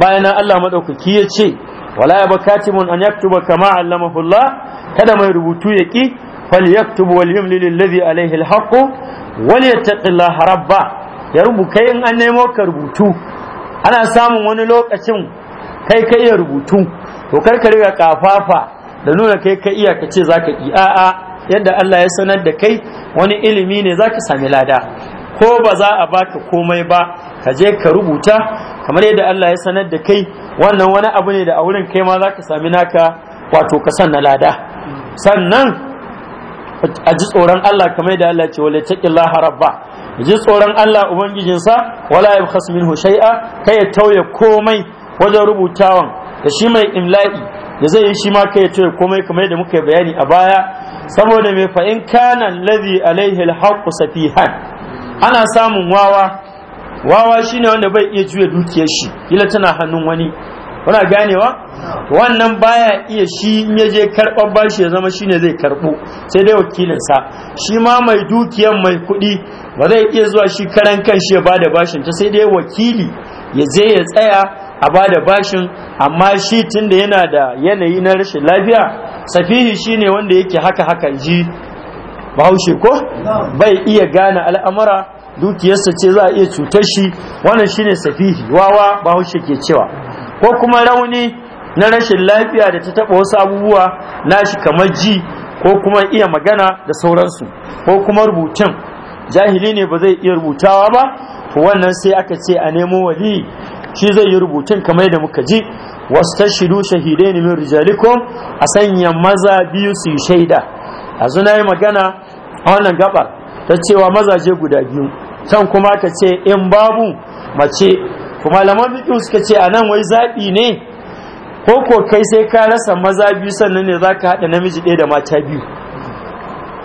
bayan nan Allah madaukaki ya ce wala ya bakatimun an yaktuba kama allamahu Allah kada mai rubutu ya ki yaktubu wal yumli lillazi alaihi alhaq wal yattaqillaha rabba ya rubuka in an nemo ka rubutu ana samun wani lokacin kai ka iya rubutu to kar ka riga kafafa da nuna kai ka iya ka ce zaka yi a'a yadda Allah ya sanar da kai wani ilimi ne zaka sami lada ko ba za a baka komai ba ka je ka rubuta kamar yadda Allah ya sanar da kai wannan wani abu ne da a wurin kai ma zaka sami naka wato ka san na lada sannan a ji tsoron Allah kamar yadda Allah ce wale taqillaha rabba ji tsoron Allah ubangijinsa wala yabkhas minhu shay'a kai ya tauye komai wajen rubutawan da shi mai imla'i da zai yi shi ma kai ce komai kamar da muka bayani a baya saboda mai fa'in kana alladhi alaihi alhaqqu safihan ana samun wawa wawa shine wanda bai iya juya dukiyar shi kila tana hannun wani kuna ganewa wannan baya iya shi in ya je karɓar bashi ya zama shine zai karɓo sai dai wakilinsa shi ma mai dukiyar mai kuɗi ba zai iya zuwa shi karan kan shi ya bada bashin ta sai dai wakili ya je ya tsaya a ba da bashin amma shi tunda yana da yanayi na rashin lafiya safihi shine wanda yake haka haka ji bahaushe ko bai iya gane al'amura dukiyarsa ce za a iya cutar shi wannan shine safihi wawa bahaushe ke cewa ko kuma rauni na rashin lafiya da ta taba wasu abubuwa nashi kamar ji ko kuma iya magana da sauransu ko kuma rubutun jahili ne ba zai iya rubutawa ba to wannan sai aka ce a nemo wali shi zai yi rubutun kamar yadda muka ji wasu ta wastashidu shahidai ne min rijalikon a sanya maza biyu su yi shaida a zuna yi magana a wannan gaba ta cewa mazaje guda biyu can kuma ka ce in babu mace Kuma malaman biyu suka ce a nan wai zaɓi ne ko ko kai sai ka rasa maza biyu sannan ne za ka haɗa namiji ɗaya da mata biyu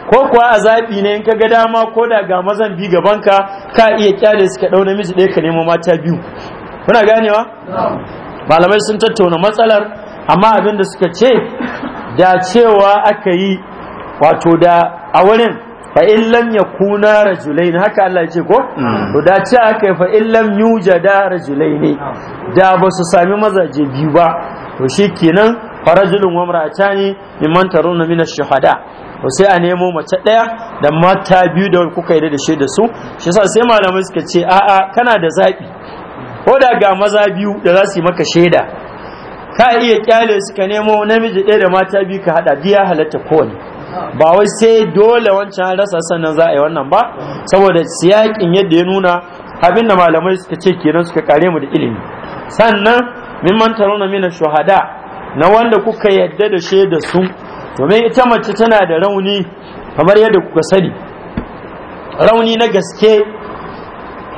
ko kuwa a zaɓi ne in ka ga dama ko da ga mazan biyu gabanka ka iya kyale suka ɗau namiji ɗaya ka nemo mata biyu kuna ganewa malamai sun tattauna matsalar amma abin da suka ce da cewa aka yi wato da a wurin fa ya kuna ra'julai ne haka Allah ya ce ko mm. to da ce aka yi fa in lam rajulai ne, da ba su sami mazaje biyu ba to shi shikenan farajulun wa ne mimman taruna min ash-shuhada to sai a nemo mace ɗaya da mata biyu da kuka yi da shi da su shi yasa sai malamai suka ce a'a kana da zaɓi ko da ga maza biyu da za su yi maka shaida ka iya kyale su ka nemo namiji ɗaya da mata biyu ka haɗa biya halatta kowane ba wai sai dole wancan rasa sannan za a yi wannan ba saboda siyakin yadda ya nuna abin da malamai suka ce kenan suka kare mu da ilimi sannan manta tarona mina shuhada na wanda kuka yadda da shaida su domin ita mace tana da rauni kamar yadda kuka sani rauni na gaske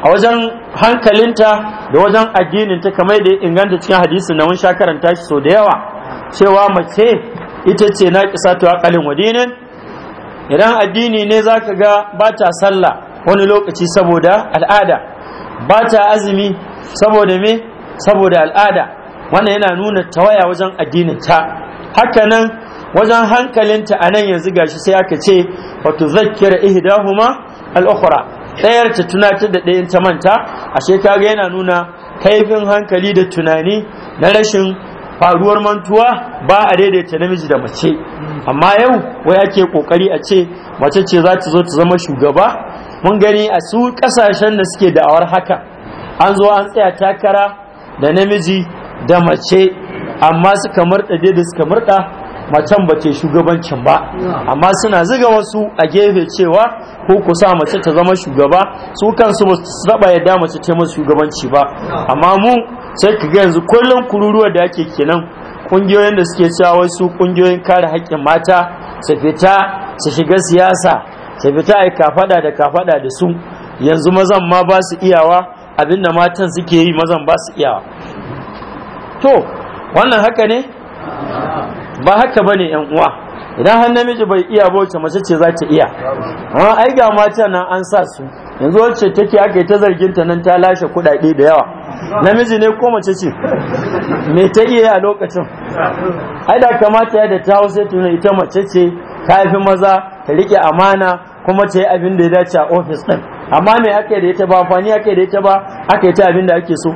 a wajen hankalinta da wajen addininta kamar da inganta cikin hadisi na mun sha karanta shi sau da yawa cewa mace ita ce na kisa to akalin wadinin idan addini ne za ka ga ba ta sallah wani lokaci saboda al'ada ba ta azumi saboda me saboda al'ada wannan yana nuna tawaya wajen addinin ta hakanan wajen hankalinta a nan yanzu gashi sai aka ce wato zakkira ihdahuma al-ukhra ɗayar ta tunatar da ɗayan ta manta ashe kaga yana nuna kaifin hankali da tunani na rashin faruwar mantuwa ba a daidaita namiji da mace amma yau wai ake kokari a ce mace ce za ta zo ta zama shugaba mun gani a su kasashen da suke da'awar haka an zo an tsaya takara da namiji da mace amma suka murɗa da suka murɗa macen ba ce shugabancin ba amma suna ziga wasu a gefe cewa ko ku sa mace ta zama shugaba su kansu ba su saba yadda mace ce musu shugabanci ba amma mu sai ka ga yanzu kullum kururuwa da ake kenan kungiyoyin da suke cewa wasu kungiyoyin kare haƙƙin mata su fita su shiga siyasa su fita a kafada da kafada da su yanzu mazan ma ba su iyawa abinda matan suke yi mazan ba su iyawa to wannan haka ne ba haka ba ne uwa idan har namiji bai iya ba bauta mace ce za ta iya amma ai ga mata nan an sa su yanzu wacce take aka yi ta zargin ta nan ta lashe kuɗaɗe da yawa namiji ne ko mace ce me ta iya a lokacin ai da kamata ya da ta hausa tuna ita mace ce ta haifi maza ta rike amana kuma ta yi abin da ya dace a ofis ɗin amma me aka yi da ita ba amfani aka yi da ita ba aka yi ta abin da ake so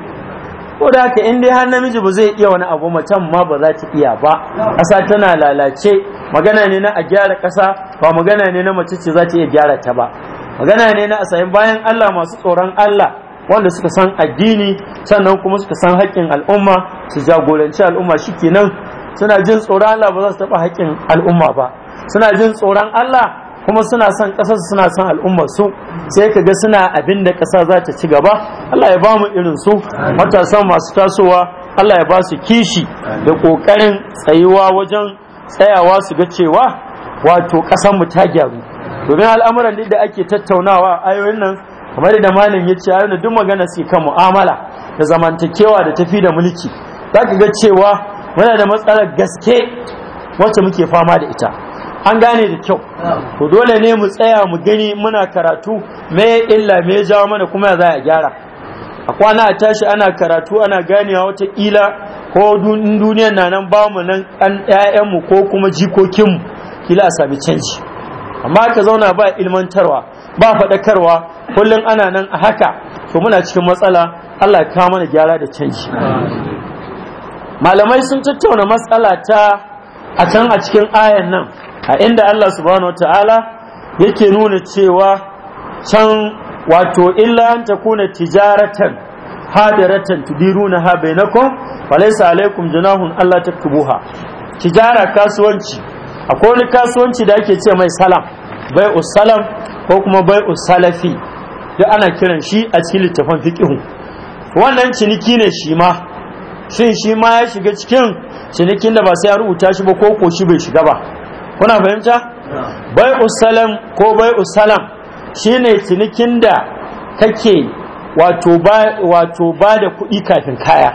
ko da haka in dai har namiji ba zai iya wani abu macen ma ba za ta iya ba ƙasa tana lalace magana ne na a gyara ƙasa ba magana ne na mace ce za ta iya gyara ta ba magana ne na a bayan Allah masu tsoron Allah wanda suka san addini sannan kuma suka san haƙƙin al'umma su jagoranci al'umma shikenan suna jin tsoron Allah ba za su taɓa haƙƙin al'umma ba suna jin tsoron Allah kuma suna son ƙasar suna son al'ummar su sai ka ga suna abin da ƙasa za ta ci gaba Allah ya ba mu irin su matasan masu tasowa Allah ya ba su kishi da ƙoƙarin tsayuwa wajen tsayawa su ga cewa wato ƙasar mu ta gyaru domin al'amuran da ake tattaunawa ayoyin nan kamar da malam ya ce ayoyin duk magana su kan mu'amala da zamantakewa da tafi da mulki za ka ga cewa muna da matsalar gaske wacce muke fama da ita an gane da kyau to dole ne mu tsaya mu gani muna karatu me illa me jawo mana kuma za a gyara a kwana a tashi ana karatu ana ganewa ila ko duniyar na nan ba mu nan an ƴaƴanmu ko kuma jikokinmu kila a sami canji amma ka zauna ba ilmantarwa ba faɗakarwa kullum ana nan a haka to muna cikin matsala Allah ya kawo mana gyara da canji malamai sun tattauna matsala ta a can a cikin ayan nan a inda Allah subhanahu ta'ala yake nuna cewa can wato illa an kuna tijaratan hadiratan na ha bainakum walaysa alaikum junahun Allah ta kubuha tijara kasuwanci akwai wani kasuwanci da ake ce mai salam bai salam ko kuma bai salafi duk ana kiran shi a cikin littafan fiqhu wannan ciniki ne shi ma shin shi ma ya shiga cikin cinikin da ba sai ya rubuta shi ba ko ko shi bai shiga ba kuna fahimta bai usalam ko bai usalam shine cinikin da kake wato ba da kuɗi kafin kaya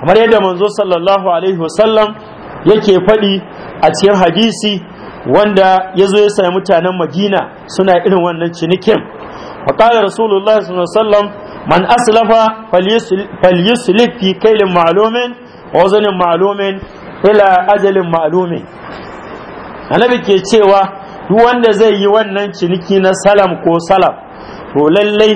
kamar yadda manzo sallallahu alaihi wasallam yake faɗi a cikin hadisi wanda ya zo ya sami mutanen madina suna irin wannan cinikin faƙalar rasulullah sallallahu man aslafa falyuslif fi kailin ma'lumin wa wazanin ma'lumin ila ajalin ma'lumi annabi ke cewa duk wanda zai yi wannan ciniki na salam ko salam to lallai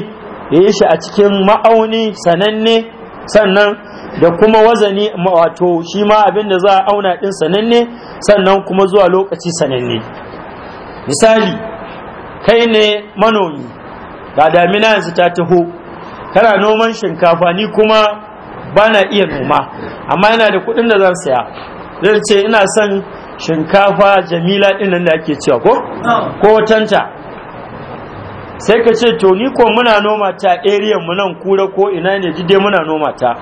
ya yi shi a cikin ma'auni sananne sannan da kuma wazani wato shi ma abin da za a auna din sananne sannan kuma zuwa lokaci sananne misali kai ne manomi ga damina yanzu ta taho kana noman shinkafa ni kuma bana iya noma amma yana da kuɗin da zan saya zai ce ina son shinkafa jamila ɗin nan da ake cewa ko oh. ko watanta sai ka ce to ni ko muna noma ta area mu nan kura ko ina ne jide muna noma ta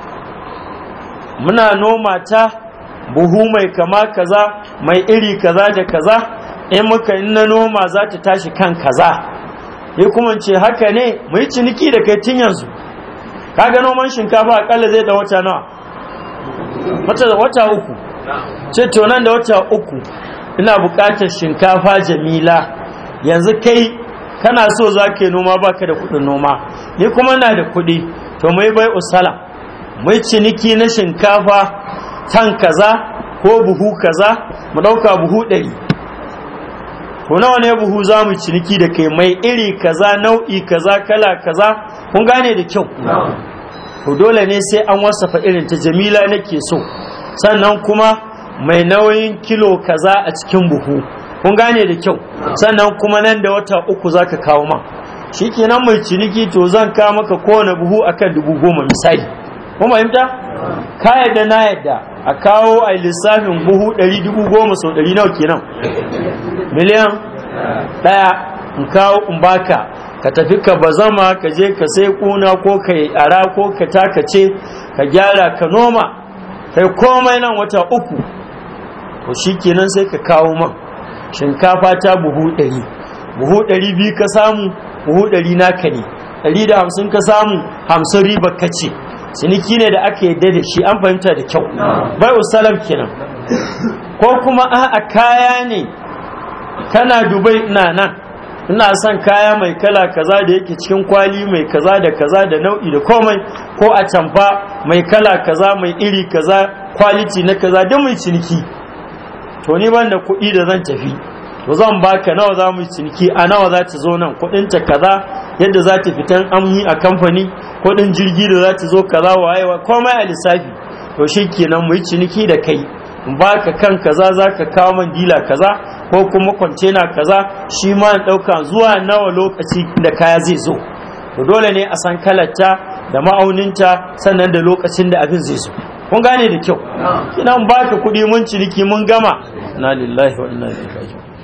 muna noma ta buhu mai kama kaza mai iri kaza da kaza in muka in na noma za ta tashi kan kaza ya kuma ce haka ne mu yi ciniki da kai tun yanzu kaga noman shinkafa akalla zai da wata nawa wata uku ce to nan da wata uku ina bukatar shinkafa jamila yanzu kai kana so za ka yi noma ka da kudin noma ni kuma na da kuɗi to mai bai usala mai ciniki na shinkafa tan kaza ko buhu kaza mu ɗauka buhu ɗari Ko nawa ne buhu za mu ciniki da kai mai iri kaza nau'i kaza kala kaza kun gane da kyau to dole ne sai an wasafa irin ta jamila nake so sannan kuma mai nauyin kilo kaza a cikin buhu kun gane da kyau sannan kuma nan da wata uku zaka ka kawo man shikenan mai ciniki to zan kawo maka kowane buhu akan dubu goma misali kun fahimta ka yadda na yadda a kawo a lissafin buhu ɗari dubu goma sau ɗari nawa kenan miliyan ɗaya in kawo in baka ka tafi ka bazama ka je ka sai kuna ko ka ara ko ka takace ka gyara ka noma kai komai nan wata uku to shi kenan sai ka kawo man shinkafa ta buhu ɗari buhu ɗari biyu ka samu buhu ɗari naka ne ɗari da hamsin ka samu hamsin riba ka ce ciniki ne da aka yadda da shi an fahimta da kyau bai usalam kenan ko kuma a kaya ne kana dubai ina nan ina son kaya mai kala kaza da yake cikin kwali mai kaza da kaza da nau'i da komai ko a canfa mai kala kaza mai iri kaza kwaliti na kaza duk mai ciniki to ni ban da kuɗi da zan tafi to zan baka nawa za mu ciniki a nawa za ta zo nan kuɗinta kaza yadda za ta fitan amni a kamfani kuɗin jirgi da za ta zo kaza wayewa komai a lissafi to shi kenan mu ciniki da kai in baka kan kaza za ka kawo man dila kaza ko kuma kwantena kaza shi ma in ɗauka zuwa nawa lokaci da kaya zai zo to dole ne a san kalarta da ma'auninta sannan da lokacin da abin zai zo kun gane da kyau kina baka kuɗi mun ciniki mun gama na lillahi wa inna ilaihi raji'un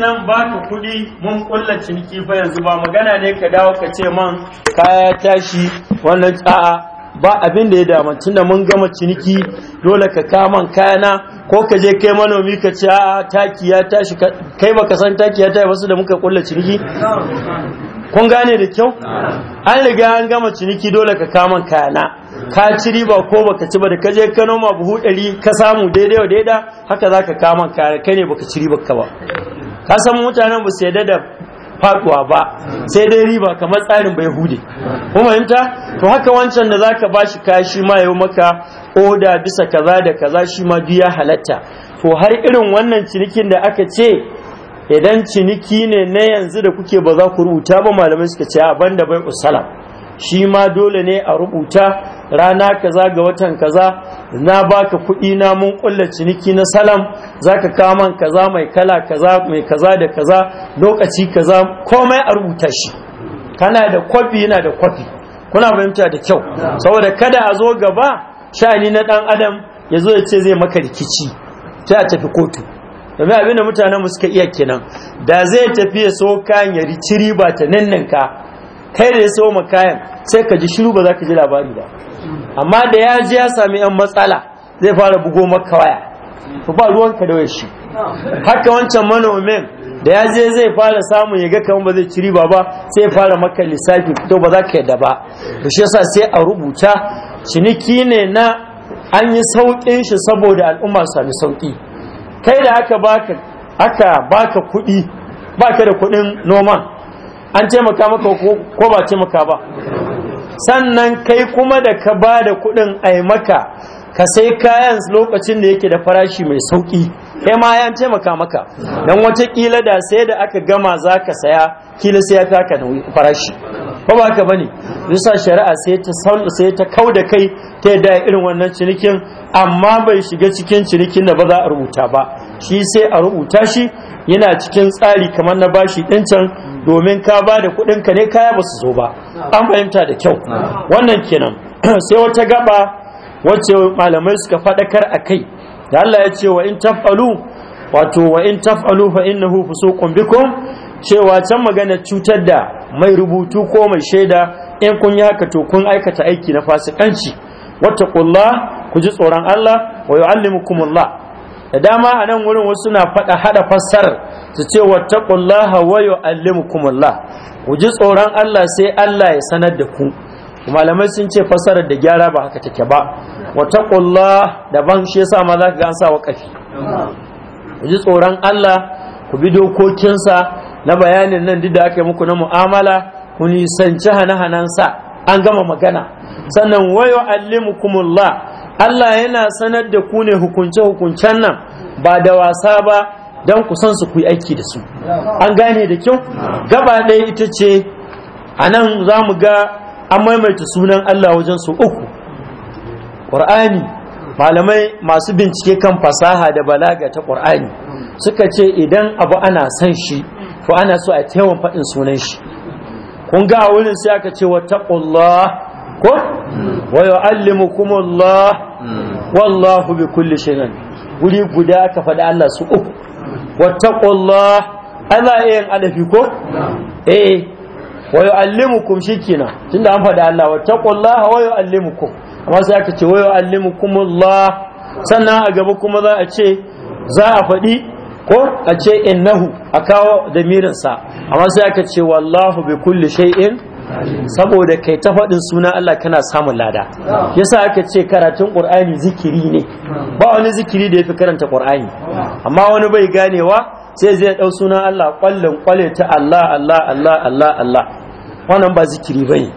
nan ba ka kuɗi mun kulla ciniki fa yanzu ba magana ne ka dawo ka ce man kaya tashi wannan a'a ba abin da ya dama tunda mun gama ciniki dole ka man kayana ko ka je kai manomi ka ce a taki ya tashi kai baka san taki ya tashi wasu da muka kulla ciniki kun gane da kyau an riga an gama ciniki dole ka man kayana ka ci riba ko baka ci ba da ka je ka noma buhu ɗari ka samu daidai wa daida haka za zaka kaman kayana kai ne baka ci riba ka ba ka san mutanen ba su yarda da faduwa ba sai dai riba kamar tsarin bai hude kuma fahimta to haka wancan da zaka bashi kashi shi ma yau maka oda bisa kaza da kaza shi ma biya halatta to har irin wannan cinikin da aka ce idan ciniki ne na yanzu da kuke ba za ku rubuta ba malamai suka ce a banda bai usala shi ma dole ne a rubuta rana kaza ga watan kaza na baka kuɗi na mun kulla ciniki na salam zaka man kaza mai kala kaza mai kaza da kaza lokaci kaza komai a rubuta shi kana da kwafi yana da kwafi kuna fahimta da kyau saboda kada a zo gaba sha'ani na dan adam ya zo ya ce zai maka rikici sai a tafi kotu domin abinda mutanen mu suka iya kenan da zai tafi ya so kayan ya rici riba ta ninninka kai da ya so kayan sai ka ji shiru ba za ka ji labari ba amma da ya je ya sami yan matsala zai fara bugo maka waya to ba ka da shi haka wancan manomin da ya je zai fara samun ya ga kamar ba zai ciri riba ba sai fara maka lissafi to ba za ka yadda ba to shi yasa sai a rubuta ciniki ne na an yi sauƙin shi saboda al'umma su sami sauƙi kai da aka baka aka baka kuɗi baka da kuɗin noman an taimaka maka ko ba taimaka ba sannan kai kuma da ka ba da kuɗin ai maka ka sai kayan lokacin da yake da farashi mai sauki kai ma yan taimaka maka dan wata kila da sai da aka gama zaka saya kila sai ya taka farashi ba ba ka bane yasa shari'a sai ta sai ta kauda kai ta da irin wannan cinikin amma bai shiga cikin cinikin da ba za a rubuta ba shi sai a rubuta shi yana cikin tsari kamar na bashi can domin ka ba da kuɗinka ne kaya ba su zo ba an fahimta da kyau wannan kenan <clears throat> sai wata gaba wacce malamai suka faɗakar a kai da Allah ya ce wa in taf'alu wato wa in taf'alu fa innahu fusuqun bikum cewa can magana cutar da mai rubutu ko mai shaida in kun yi haka to kun aikata aiki na fasikanci wattaqullah ku ji tsoron Allah wa yu'allimukumullah da dama a nan wurin wasu na faɗa haɗa fassarar su ce wattaqullaha wa yu'allimukumullah ku ji tsoron Allah sai Allah ya sanar da ku malamai sun ce fasarar da gyara ba haka take ba wata ƙulla daban shi yasa ma za ka ga an sa waƙafi ku ji tsoron Allah ku bi dokokinsa na bayanin nan duk da aka muku na mu'amala ku nisanci hane-hanensa an gama magana sannan wayo allimukumullah Allah yana sanar da ku ne hukunce-hukuncen nan ba da wasa ba don ku san su ku aiki da su an gane da kyau gaba ɗaya ita ce a nan za mu ga an maimaita sunan Allah wajen su uku ƙur'ani malamai masu bincike kan fasaha da balaga ta ƙur'ani suka ce idan abu ana san shi to ana so a taiwon faɗin sunan shi kun ga a wurin sai aka ce wattaqullah ko wa Allah, wallahu bi kulli shay'in guri guda aka faɗi Allah su uku wattaqullah Allah yin adafi ko eh wayo allimukum shikenan tunda an fada Allah wa taqullaha wayo allimukum amma sai aka ce wayo allimukumullah sannan a gaba kuma za a ce za a faɗi ko a ce innahu a kawo da mirinsa. amma sai aka ce wallahu bi kulli shay'in saboda kai ta faɗin suna Allah kana samun lada yasa aka ce karatun qur'ani zikiri ne ba wani zikiri da yafi karanta qur'ani amma wani bai ganewa sai zai ɗau suna Allah ƙwallon ƙwale ta Allah Allah Allah Allah Allah wannan ba zikiri ba ne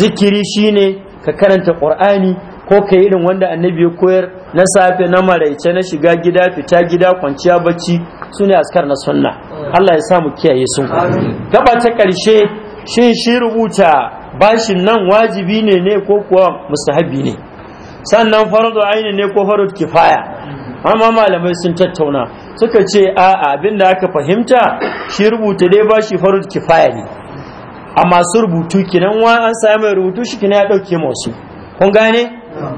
zikiri shine ka karanta ƙur'ani ko ka yi irin wanda annabi ya koyar na safe na maraice na shiga gida fita gida kwanciya bacci su ne askar na sunna Allah ya sa mu kiyaye su gaba ta ƙarshe shin shi rubuta bashin nan wajibi ne ne ko kuwa mustahabi ne sannan farzu aini ne ko farud kifaya amma malamai sun tattauna suka ce a abin da aka fahimta shi rubuta dai ba shi farud kifaya ne amma su rubutu kinan wa an sami mai rubutu shi kina ya ɗauke masu kun gane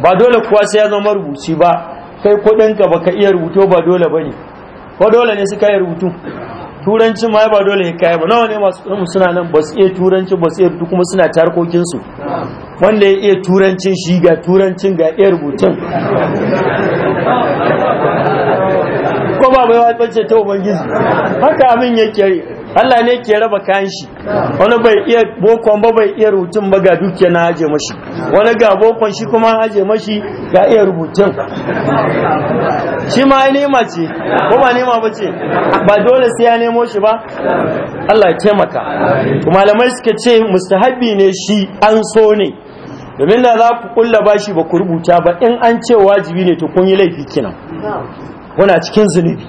ba dole kuwa sai ya zama rubuci ba kai kuɗinka baka iya rubuto ba dole ba ne ko dole ne suka yi rubutu turanci ma ba dole ya kai ba nawa ne masu kuɗin suna nan ba su iya turanci ba su iya rubutu kuma suna tarkokinsu? wanda ya iya turancin shi ga turancin ga iya rubutun ko ba baiwa ce ta ubangiji haka abin yake Allah ne ke raba kayan shi wani bai iya bokon ba bai iya rubutun ba ga dukiya na haje mashi wani ga bokon shi kuma haje mashi ga iya rubutun shi ma nema ce ko ba nema ba ce ba dole sai ya nemo shi ba Allah ya taimaka malamai suka ce mustahabi ne shi an so ne domin da za ku kulla bashi ba ku rubuta ba in an ce wajibi ne to kun yi laifi kina muna cikin zunubi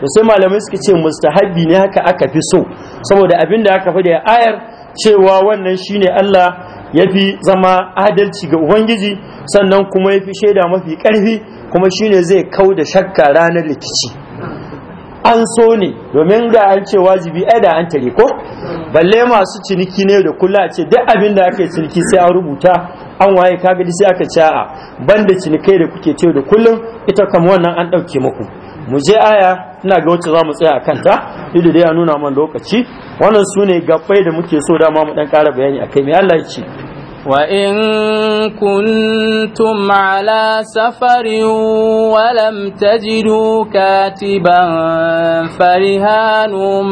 to sai malamai suka ce mustahabbi ne haka aka fi so saboda abin da aka faɗi a ayar cewa wannan shine Allah ya fi zama adalci ga ubangiji sannan kuma ya fi shaida mafi ƙarfi kuma shine zai kau da shakka ranar rikici an so ne domin da an ce wajibi ai da an tare ko balle masu ciniki ne da kula ce duk abin da aka yi ciniki sai an rubuta an waye kaga gadi sai aka ci a banda cinikai da kuke ce da kullum ita kama wannan an ɗauke muku mu je aya ina ga wacce za mu tsaya a kanta ido dai ya nuna man lokaci wannan su ne gabbai da muke so dama mu dan ƙara bayani akai mai Allah ya ce kuntum ala safarin wa lam tajidu katiban farihanum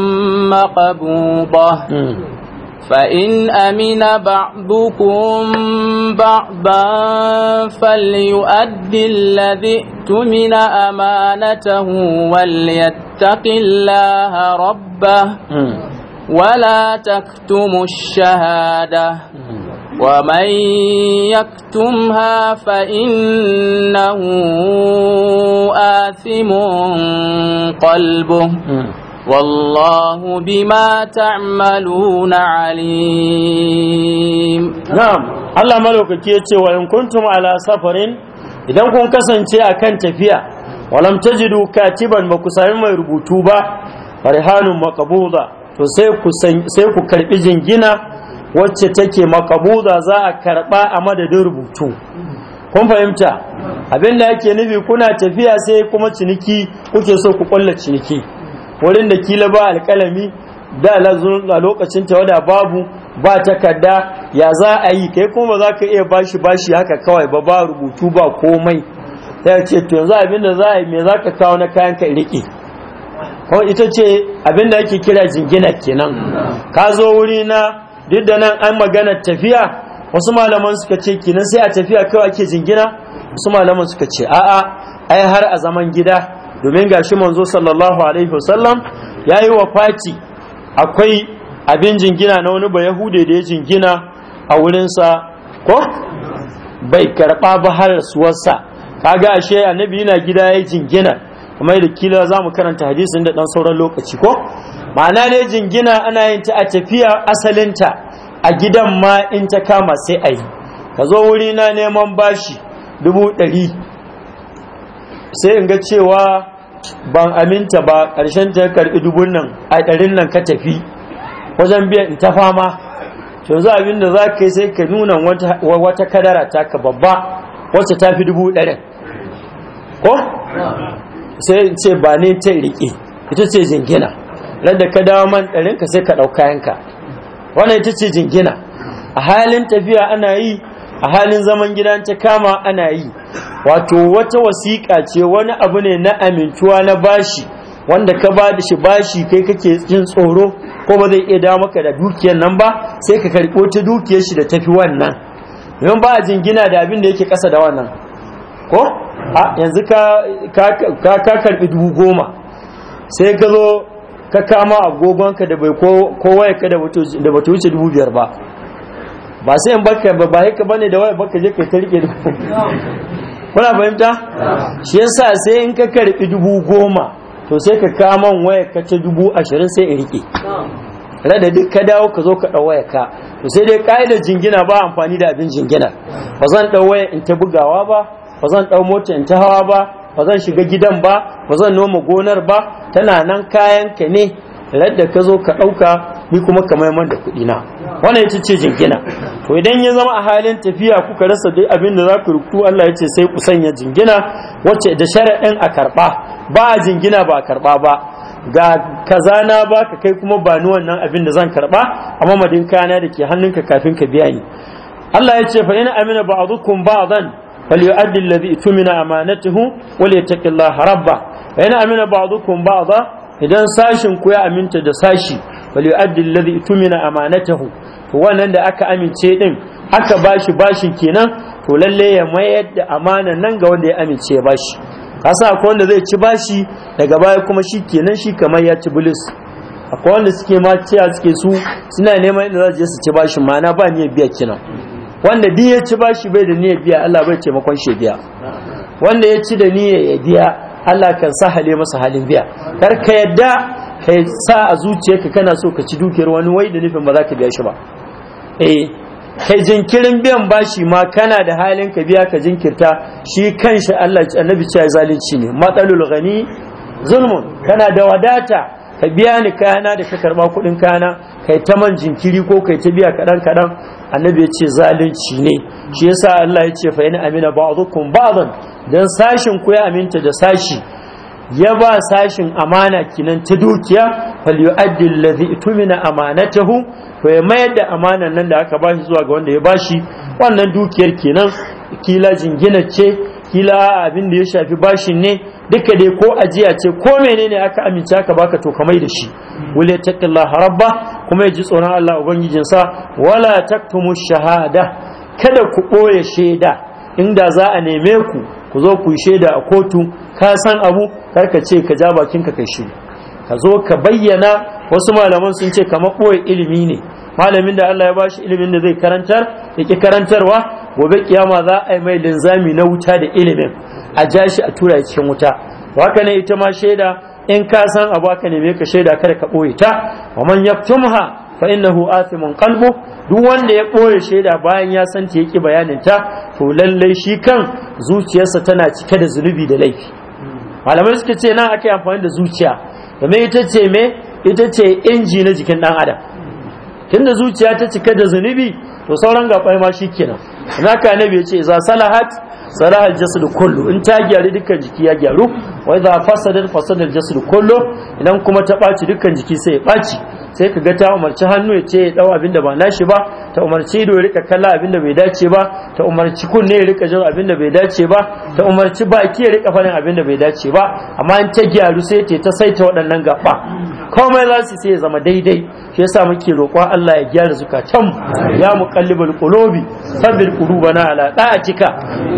maqbuda hmm. فإن أمن بعضكم بعضا فليؤد الذي اؤتمن أمانته وليتق الله ربه ولا تكتموا الشهادة ومن يكتمها فإنه آثم قلبه wallahu bi ma ta'maluna alim na'am Allah malaukake ya ce wa in kuntum ala safarin idan kun kasance akan tafiya walam tajidu katiban ba ku sami mai rubutu ba farihanu maqbuda to sai ku sai ku karbi jingina wacce take maqbuda za a karɓa a madadin rubutu kun fahimta abinda yake nubi kuna tafiya sai kuma ciniki kuke so ku kullace ciniki wurin da kila ba alƙalami da a lokacin tawada babu ba takarda ya za a yi kai kuma za ka iya bashi bashi haka kawai ba ba rubutu ba komai ya ce to yanzu abin za a yi me za ka kawo na kayan ka riƙe Kuma ita ce abin da ake kira jingina kenan ka zo wuri na duk da nan an magana tafiya wasu malaman suka ce kenan sai a tafiya kawai ake jingina wasu malaman suka ce a'a ai har a zaman gida domin ga shi manzo sallallahu alaihi wasallam ya yi wa fati akwai abin jingina na wani bayahude da ya jingina a wurinsa ko bai karɓa ba har suwarsa kaga ashe annabi yana gida ya jingina kuma da kila za mu karanta hadisin da ɗan sauran lokaci ko ma'ana ne jingina ana yin ta a tafiya asalinta a gidan ma in ta kama sai a yi ka zo wuri na neman bashi dubu ɗari sai in ga cewa ban aminta ba ƙarshen ta karɓi dubun nan a ɗarin nan ka tafi wajen in ta fama yanzu abin da za ka yi sai ka nuna wata kadara ta ka babba wacce ta fi dubu ɗarin ko sai ce ba ne ta riƙe ita ce jingina ran da ka dawo man ɗarin ka sai ka ɗauka yanka wannan ita ce jingina a halin tafiya ana yi a halin zaman gidan ta kama ana yi wato wata wasiƙa ce wani abu ne na amintuwa na bashi wanda ka ba da shi bashi kai kake jin tsoro ko ba zai iya dawo maka da dukiyar nan ba sai ka karɓo ta dukiyar shi da tafi wannan don ba a jingina da abin da yake ƙasa da wannan ko a yanzu ka karɓi dubu goma sai ka zo ka kama agogonka da bai ko ka da dubu biyar ba ba sai in baka ba ba haka bane da waya baka je kai ta rike kuna fahimta shi yasa sai in ka karbi dubu goma to sai ka kaman waya ka ta dubu ashirin sai in rike rada duk ka dawo ka zo ka ɗau waya ka to sai dai ka'idar jingina ba amfani da abin jingina ba zan ɗau waya in ta bugawa ba ba zan ɗau mota in ta hawa ba ba zan shiga gidan ba ba zan noma gonar ba tana nan kayan ka ne ladda ka zo ka ɗauka ni kuma ka maimar da kuɗi na wannan ya ce jingina to idan ya zama a halin tafiya kuka rasa duk abin da za ku rubutu Allah ya ce sai ku sanya jingina wacce da sharaɗin a karɓa ba a jingina ba a karɓa ba ga kaza na ba ka kai kuma ba ni wannan abin da zan karɓa amma madin kana da ke hannunka kafin ka biya ni Allah ya ce fa ina amina ba'dukum ba'dan فليؤدي الذي اؤتمن امانته وليتق الله ربه فان امن بعضكم بعضا idan sashin ku ya aminta da sashi wal yu'addi alladhi tumina amanatahu to wannan da aka amince din aka bashi bashin kenan to lalle ya mayar da amana nan ga wanda ya amince ya bashi kasa akwai wanda zai ci bashi daga baya kuma shi kenan shi kamar ya ci bulis akwai wanda suke ma ciya suke su suna neman inda za su je su ci bashin ma'ana ba niyyar biya kenan wanda duk ya ci bashi bai da niyyar biya Allah bai taimakon shi biya wanda ya ci da niyyar ya biya Allah kan sa hale masa halin biya kar ka yadda kai sa a zuciyarka kana so ka ci dukiyar wani wai da nufin ba za ka biya shi ba eh kai jinkirin biyan bashi ma kana da halin ka biya ka jinkirta shi kanshi Allah annabi ce zalunci ne matsalul ghani zulmun kana da wadata ka biya ni kayana da ka karba kuɗin kayana kai ta man jinkiri ko kai ta biya kaɗan kaɗan annabi ya ce zalunci ne shi yasa Allah ya ce fa yana amina ba'dukum ba'dan dan sashin ku ya aminta da sashi ya ba sashin amana kinan ta dukiya fal yu'addi allazi itumina amanatahu fa ya mayar da amanan nan da aka bashi zuwa ga wanda ya bashi wannan dukiyar kinan kila jingina ce kila abin da ya shafi bashin ne duka dai ko ajiya ce ko menene aka amince aka baka to kamai da shi wal taqillah rabba kuma ya ji tsoron Allah sa wala taktumu shahada kada ku ɓoye shaida inda za a neme ku ku zo ku yi shaida a kotu ka san abu karka ce ka ja ka kai shi ka zo ka bayyana wasu malaman sun ce kamar ɓoye ilimi ne malamin da Allah ya bashi ilimin da zai karantar yake karantarwa gobe kiyama za a yi mai linzami na wuta da ilimin a ja shi a tura cikin wuta haka ne ita ma shaida in ka san abu ne neme ka shaida kada ka ɓoye ta wa man yaktumha fa innahu athimun qalbu duk wanda ya ɓoye shaida bayan ya san ta yake bayanin ta to lallai shi kan zuciyarsa tana cike da zunubi da laifi malamai suka ce nan aka yi amfani da zuciya domin ita ce me ita ce inji na jikin dan adam tunda zuciya ta cike da zunubi to sauran gaɓai ma kenan. haka ya yace za salahat salahat jasad kullu in ta gyaru dukkan jiki ya gyaru wa idza fasadat fasada jasad kullu idan kuma ta baci dukkan jiki sai ya baci sai ka ta umarci hannu ya ce ya dau abin da ba nashi ba ta umarci ido ya rika kalla abinda bai dace ba ta umarci kunne ya rika jin abin bai dace ba ta umarci baki ya rika fannin abin da bai dace ba amma in ta gyaru sai ta ta saita waɗannan gaba komai za su sai zama daidai shi yasa muke roƙon Allah ya gyara zukatan ya muqallibul qulubi sabbil qulubana ala cika.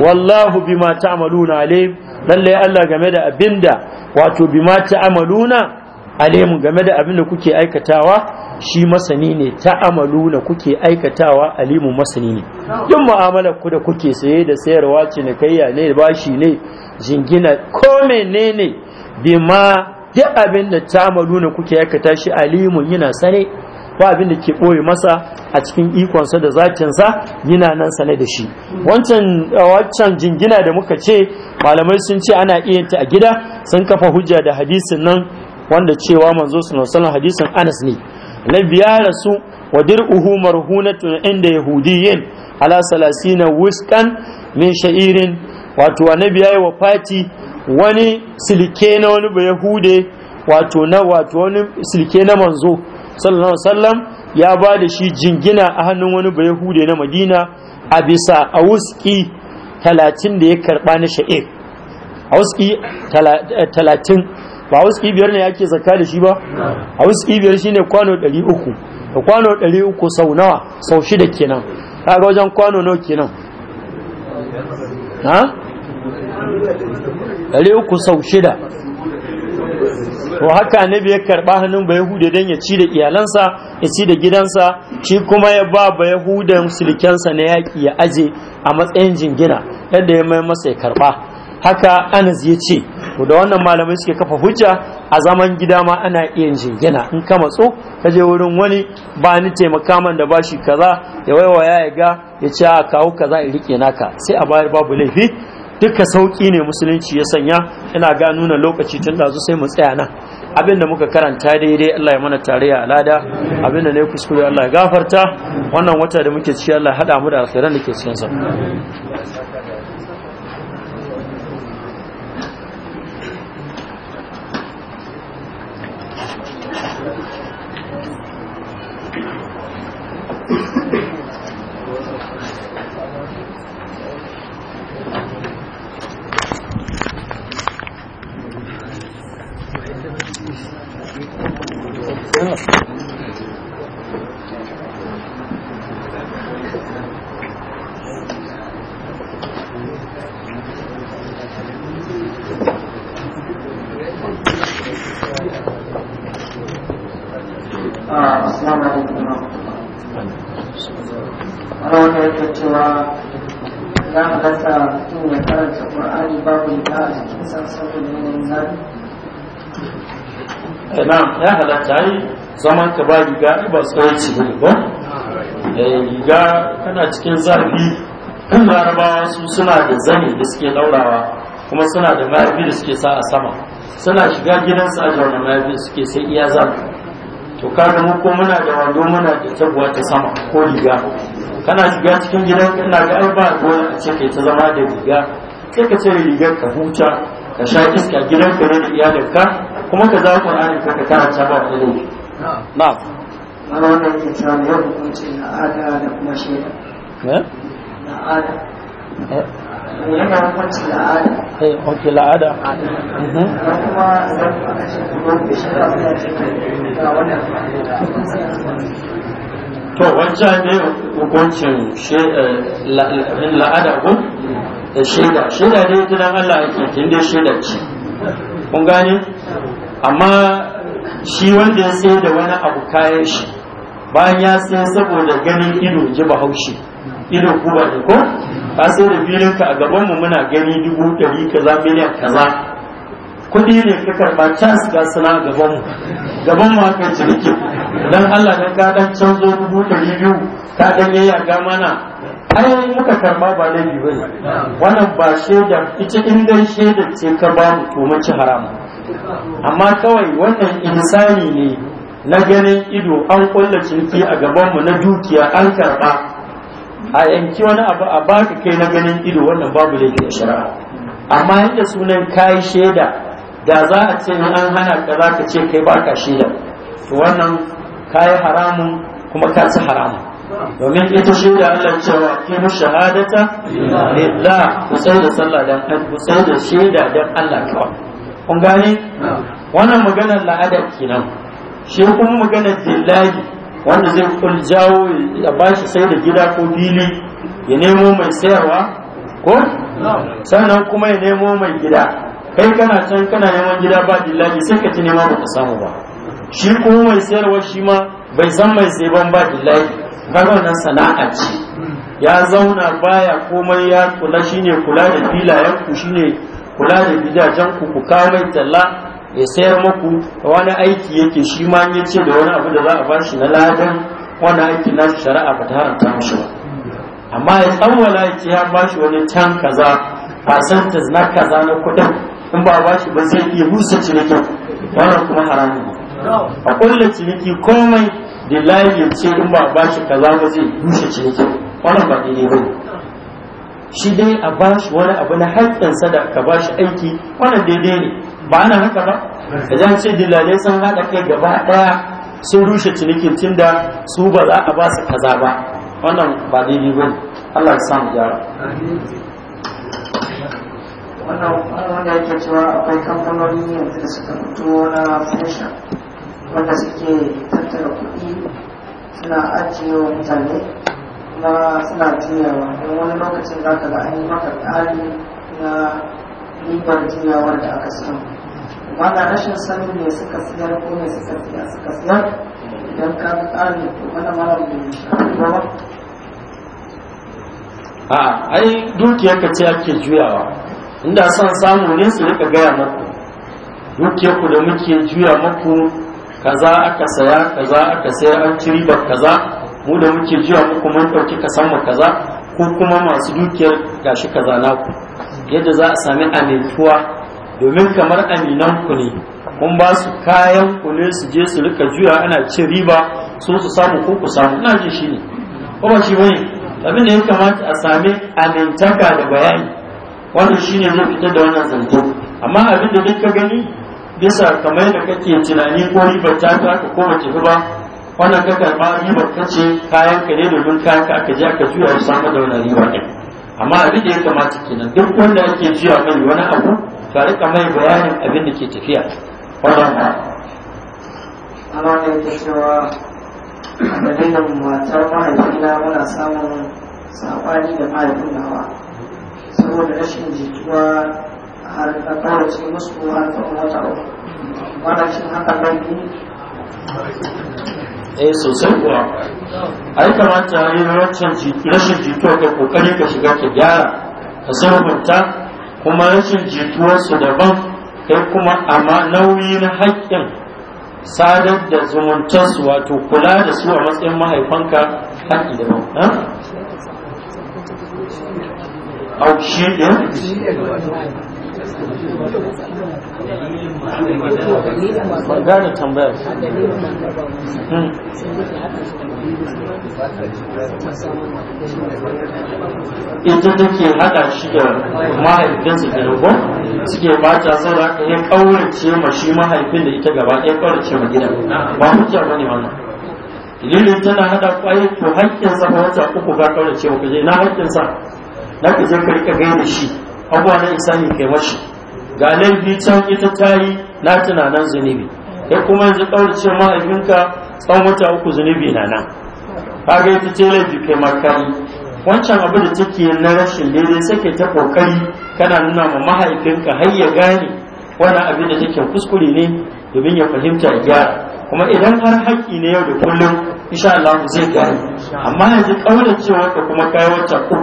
wallahu bima ta'maluna alim lalle Allah game da abinda wato bima ta'maluna alim game da abinda kuke aikatawa shi masani ne ta ta'maluna kuke aikatawa alimu masani ne yin mu'amalar ku da kuke saye da sayarwa cinikayya ne ne bashi ne jingina ko menene bima duk abin da ta tamaluna kuke aikata shi alimun yana sane ba abin da ke ɓoye masa a cikin ikonsa da zatinsa yana nan sane da shi wancan jingina da muka ce malamai sun ce ana iya ta a gida sun kafa hujja da hadisin nan wanda cewa manzo sallallahu alaihi hadisin Anas ne na biyara rasu wa dir'uhu marhunatun inda yahudiyyin ala salasina wuskan min sha'irin wato annabi yayi Fati? wani silke na wani yahude wato na wato wani silke na manzo sallallahu alaihi wasallam ya ba da shi jingina a hannun wani yahude na madina a bisa a wuski talatin da ya karba na sha'ir a wuski eh, talatin ba a wuski biyar ne yake zakka da shi ba a wuski biyar ne kwano ɗari uku da kwano ɗari uku sau nawa sau shida kenan kaga wajen kwano nawa kenan ha Dari uku sau shida to haka annabi ya karɓa hannun ba yahuda don ya ci da iyalansa ya ci da gidansa shi kuma ya ba ba yahudan sulkensa na yaƙi ya aje a matsayin jingina yadda ya mai masa ya karɓa haka anas ya ce da wannan malamai suke kafa hujja a zaman gida ma ana iya jingina in ka matso ka je wurin wani ba ni taimaka man da bashi kaza ya waiwaya ya ga ya ce a kawo kaza in rike naka sai a bayar babu laifi duka sauƙi ne musulunci ya sanya ina ga nuna lokaci tun da sai mu tsaya nan abinda muka karanta daidai Allah ya mana tarayya alada abinda ne kuskure Allah ya gafarta wannan wata da muke ci Allah hada mu da alkhairan da ke cikin sa assalamu alaikum ranar yake cewa ya halatta tun ya karanta ƙwa'ani babu ita a jikinsa saboda yanayin zafi na'am ya halatta yi zaman ka ba riga ba tsawaici ne ba riga kana cikin zafi larabawa su suna da zani da suke laurawa kuma suna da mayafi da suke sa a sama suna shiga gidansu a jauna mayafi suke sai iya zafi to kaga mu ko muna da wando muna da tabuwa ta sama ko riga kana shiga cikin gidan kana ga ai ba ko a ce kai ta zama da riga sai ka cire rigar ka huta ka sha iska gidan ka ne da iyalinka kuma ka za ku ani ka ta ba da ne na'am ana wannan ke cewa ne yau da kuma shaida eh? yana hukunci la'ada eh hukunci la'ada na kuma zan faɗa shi kuma bai shara suna cikin ga wannan to wancan ne hukuncin eh, la'ada kun da eh, shaida shaida ne tunan Allah yake kin dai shaida ce kun gane amma shi wanda ya tsaye da wani abu kayan shi bayan ya tsaye saboda ganin ido ji bahaushe ido ko ba ko ka sai da filin ka a gaban mu muna gani dubu dari kaza miliyan kaza kuɗi ne ka karba chance ga sana gaban mu gaban mu haka ciniki dan Allah dan ka dan canzo dubu dari biyu ka dan ga mana ai muka karba ba laifi ba ne wannan ba shaida ita in dai shaida ce ka ba mu to mace haram amma kawai wannan insani ne na ganin ido an ƙulla ki a gaban mu na dukiya an karba a yanki wani abu a baka kai na ganin ido wannan babu laifi ke shari'a amma yadda sunan kayi shaida da za a ce an hana ka za ka ce kai baka shaida to wannan kayi haramun kuma ka ci haramun domin ita shaida Allah cewa mu shahadata lillah ku sai da sallah dan ku sai da shaida dan Allah kawai kun gane wannan maganar la'ada kenan shi kuma maganar dillahi wanda zai kul jawo ya ba shi sai da gida ko fili ya nemo mai sayarwa ko sannan kuma ya nemo mai gida kai kana can kana neman gida ba dillahi sai ka ci nema ba ka samu ba shi kuma mai sayarwa shi ma bai san mai sai ban ba dillahi kaga wannan sana'a ce ya zauna baya komai ya kula shine kula da filayen ku shine kula da gidajen ku ku mai talla ya sayar muku wani aiki yake shi ma ya ce da wani abu da za a bashi na ladan wani aiki na shari'a ba ta haramta mashi ba amma ya tsawwala ya ce ya bashi wani can kaza percentage na kaza na kudin in ba bashi ba zai iya rusa ciniki, wannan kuma haramun a kulle ciniki komai da layi ya ce in ba bashi kaza ba zai rushe ciniki wannan ba daidai ba shi dai a bashi wani abu na haƙƙinsa da ka shi aiki wannan daidai ne ba na haka ba idan ce dillalai sun haɗa kai gaba ɗaya sun rushe cinikin tunda su ba za a ba su kaza ba wannan ba daidai ba ne, Allah ya samu gyara wannan wanda yake cewa akwai kamfanoni yanzu da suka fito na fashion wanda suke tattara kuɗi suna ajiye wa mutane kuma suna juyawa don wani lokacin za ka ga an yi maka ƙari na ribar juyawar da aka samu wanda rashin sanin ne suka siyar ko ne suka siya suka siyar idan ka ga tsari to wanda marar da ya shafi a ai dukiyar ka ce ake juyawa inda son samu ne su rika gaya maku dukiyar ku da muke juya maku kaza aka saya kaza aka sayar an ci ribar kaza mu da muke juya muku mun ɗauki kasan mu kaza ko kuma masu dukiyar gashi kaza naku yadda za a sami amintuwa domin kamar aminan ku ne kun ba su kayan ku ne su je su rika juya ana ci riba su su samu ko ku samu ina ji shi ne kuma shi bane abin da ya kamata a sami amintaka da bayani wannan shine zai fitar da wannan zanto amma abin da duk ka gani bisa kamar da kake tunani ko ribar ta ka ko mace ba wannan ka karɓa riba ta ce kayan ka ne domin kayan ka aka je aka juya su samu da wannan riba amma abin da ya kamata kenan duk wanda ake juya mai wani abu ka mai bayanin abin da ke tafiya wannan ana ne ta cewa dalilin matar mahaifina muna samun saɓani da musu har da wata uku wannan shi haka laifi eh sosai kuwa ai kamata yi rashin jituwa ka kokari ka shiga ka gyara ka sarrafa kuma rashin jituwarsu daban kai kuma amma nauyi na haƙƙin sadar da zumuntarsu wato kula da su a matsayin mahaifanka haƙƙi daban auki ɗin ban gane tambayar hmm. ita take haɗa shi da mahaifinsa da rubo suke bata ta haka ya ƙaurace ma shi mahaifin da ita gaba ya ƙaurace ma gida ba hujja bane wannan ililin tana haɗa ƙwaye ko haƙƙinsa ba wata uku ga ƙaurace ma kuje na haƙƙinsa na kuje ka riƙa gaida shi abuwa na ne kai mashi ga laifi can ita ta yi na tunanan zunubi kai kuma yanzu ƙaurace mahaifinka tsawon wata uku zunubi na nan kaga ita ce laifi kai makari wancan abu da take na rashin daidai sake ta kokari kana nuna ma mahaifinka har ya gane wani abin da take kuskure ne domin ya fahimta ya gyara kuma idan har haƙƙi ne yau da kullum insha Allah zai gane amma yanzu cewa ka kuma kai wata uku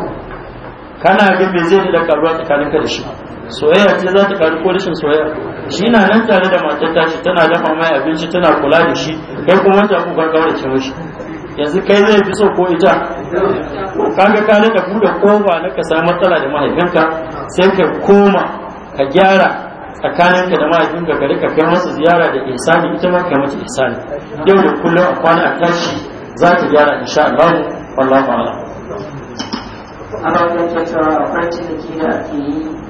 kana ga me zai da karuwa tsakaninka da shi soyayya ce za ta karu ko rashin soyayya shi na nan tare da matar tashi tana dafa mai abinci tana kula da shi kai kuma wata ku ka kaurace mashi yanzu kai zai fi so ko ita kaga ka da buɗe kofa na ka samu matsala da mahaifinka sai ka koma ka gyara tsakaninka da mahaifinka ka rika kai masa ziyara da ihsani ita ma kai mata ihsani yau da kullum a kwana a tashi za ta gyara insha Allah wallahu a'lam ana ganin cewa akwai ciniki da ake yi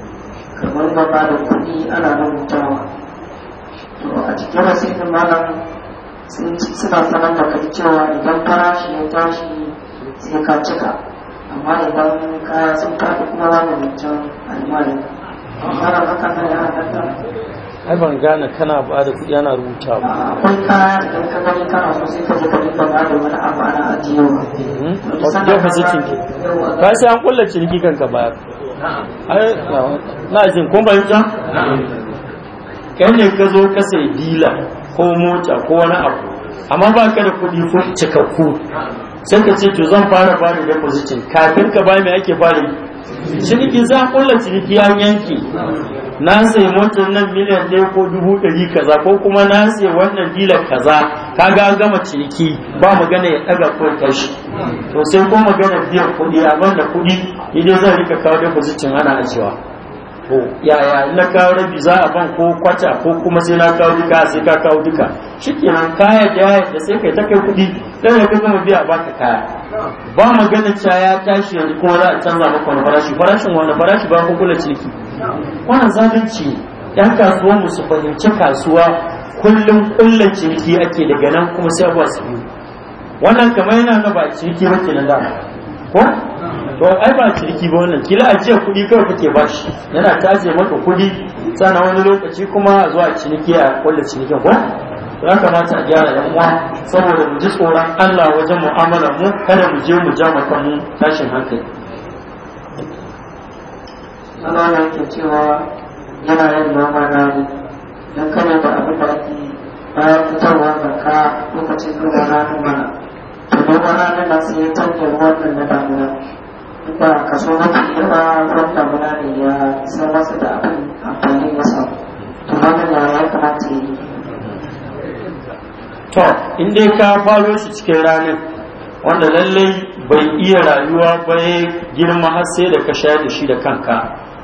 kamar ba ba da kuɗi ana mutawa to a cikin rasitin malam suna sanar da kai cewa idan farashi ya tashi sai ka cika amma idan kaya sun tafi kuma za mu wancan almari kana haka na ya halatta ai ban gane kana ba da kuɗi ana rubuta ba akwai kaya idan ka gani kana so sai ka ji kuɗi ba ba da wani abu ana ajiyewa ba mm-hmm. sai an kulla ciniki kanka bayar na jin kun bayyanta kai ne ka zo ka sai dila ko mota ko wani abu amma ba ka da kuɗi ko cikakku sai ka ce to zan fara ba da deposition kafin ka ba mai ake bari ciniki za kulla ciniki ya yanki na sai motar nan miliyan ɗaya ko dubu ɗari kaza ko kuma na sai wannan dilar kaza ka ga gama ciniki ba magana ya ɗaga ko tashi to sai ko magana biyan kuɗi a da kuɗi ni dai zan rika kawo position ana ajiyewa to yaya na kawo rabi za a ban ko kwata ko kuma sai na kawo duka sai ka kawo duka shikenan kaya da da sai kai ta kai kuɗi dan ka gama biya baka kaya ba magana cewa ya tashi yanzu kuma za a canza maka wani farashi farashin wani farashi ba kula ciniki wannan zalunci yan kasuwa mu su fahimci kasuwa kullum kullum ciniki ake daga nan kuma sai abuwa su biyu wannan kamar yana na ba ciniki ba kenan da ko to ai ba ciniki ba wannan kila ajiya kuɗi kawai kuke ba shi yana ta ajiye maka kuɗi sannan wani lokaci kuma a zuwa ciniki a kulle cinikin ko ya kamata a gyara yan uwa saboda mu ji tsoron Allah wajen mu'amalar mu kada mu je mu ja maka mu tashin hankali Allah ya ke cewa yana yin noma rani don kada da abin da ake bayan fitarwa zakka lokacin da rana mana to noma rana na sai ya tantar wannan na damuna ba kaso ba ya san da abin to to in dai ka faro shi cikin ranar wanda lallai bai iya rayuwa ba girma har sai da ka shayar da shi da kanka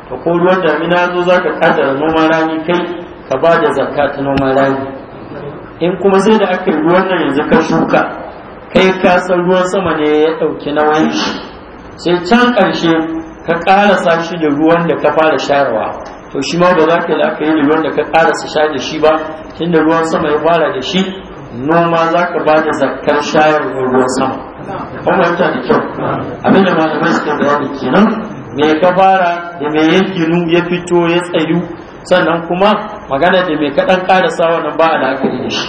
to ko damina zo za ka kaddara noman rani kai ka ba da zakka ta noman rani in kuma sai da aka yi ruwan nan yanzu ka shuka kai ka san ruwan sama ne ya ɗauki na shi sai can ƙarshe ka ƙarasa shi da ruwan da ka fara sharawa, to shi ma ba za ka da aka yi da ruwan da ka ƙarasa sha da shi ba tunda ruwan sama ya fara da shi noma za ka ba da zakkar shayarwar ruwan sama kuma da kyau abin da malamai suka bayani kenan me ka fara da me ya ginu ya fito ya tsayu sannan kuma magana da me kaɗan ƙarasa wannan ba a da aka yi da shi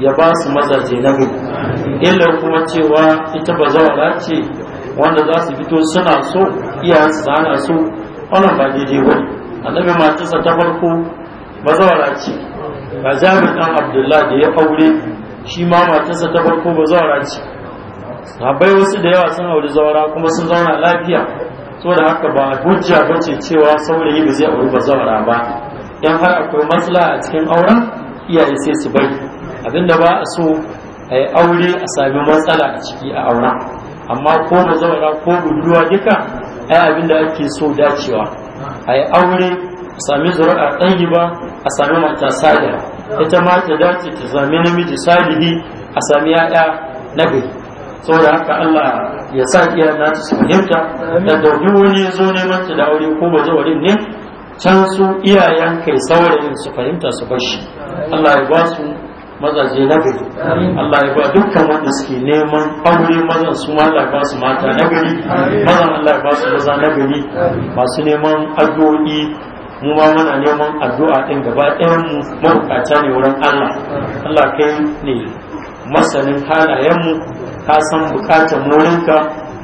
ya ba su mazaje na gudu, illar kuma cewa ita ba a ce wanda za su fito suna so iyayen su hana so wannan ba daidai wani annabi matarsa ta farko ba a ce ba jami'in dan abdullah da ya aure shi ma matarsa ta farko ba a ce sabai wasu da yawa sun auri zawara kuma sun zauna lafiya saboda haka ba hujja ba ce cewa saurayi ba zai auri ba zaura ba don har akwai matsala a cikin auren iyaye sai su bari abinda ba a so a yi aure a sami matsala a ciki a aura amma ko mazaura ko budurwa duka ai abinda ake so dacewa a yi aure a sami zuri'a ɗan ba a sami mata sadar ita ma ta dace ta sami namiji salihi a sami ya'ya na gari saboda haka Allah ya sa iya na su fahimta da dauki wani ya zo neman ta da aure ko ba zawarin ne can su iyayen kai saurayin su fahimta su bashi Allah ya ba su mazaje na gari Allah ya ba dukkan wanda suke neman aure mazan su ma Allah ba su mata na gari mazan Allah ba su maza na gari masu neman addu'o'i mu ma muna neman addu'a din gaba ɗayan mu mabukata ne wurin Allah Allah kai ne masanin halayen mu ka san bukatar mu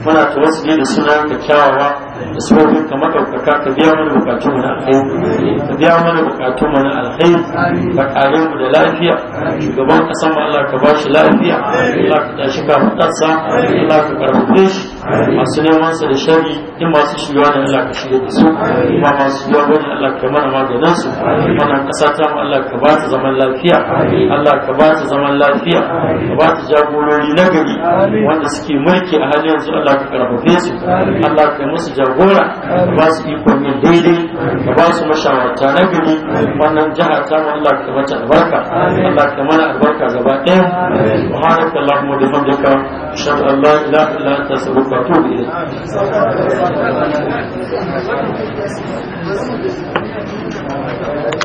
muna tawassuli da sunan kyakkyawa da ka madaukaka ka biya mana bukatun mana alkhairi ka biya mana bukatun mana alkhairi ka kare mu da lafiya shugaban mu Allah ka bashi lafiya Allah ka tashi ka fatarsa Allah ka karfafe shi masu neman sa da shari in masu shiga ne Allah ka shiga da su kuma masu shiga wani Allah ka mana maganin su mana kasa ta mu Allah ka bata zaman lafiya Allah ka bata zaman lafiya ka bata jagorori na gari wanda suke mulki a halin yanzu Allah ka karfafe su Allah ka musu jagora ba su ikon yin daidai ba su mashawarta na gari wannan jiha ta Allah ka mata albarka Allah ka mana albarka gaba ɗaya subhanaka allahumma wa bihamdika ashhadu an la ilaha illa anta astaghfiruka wa atubu ilayk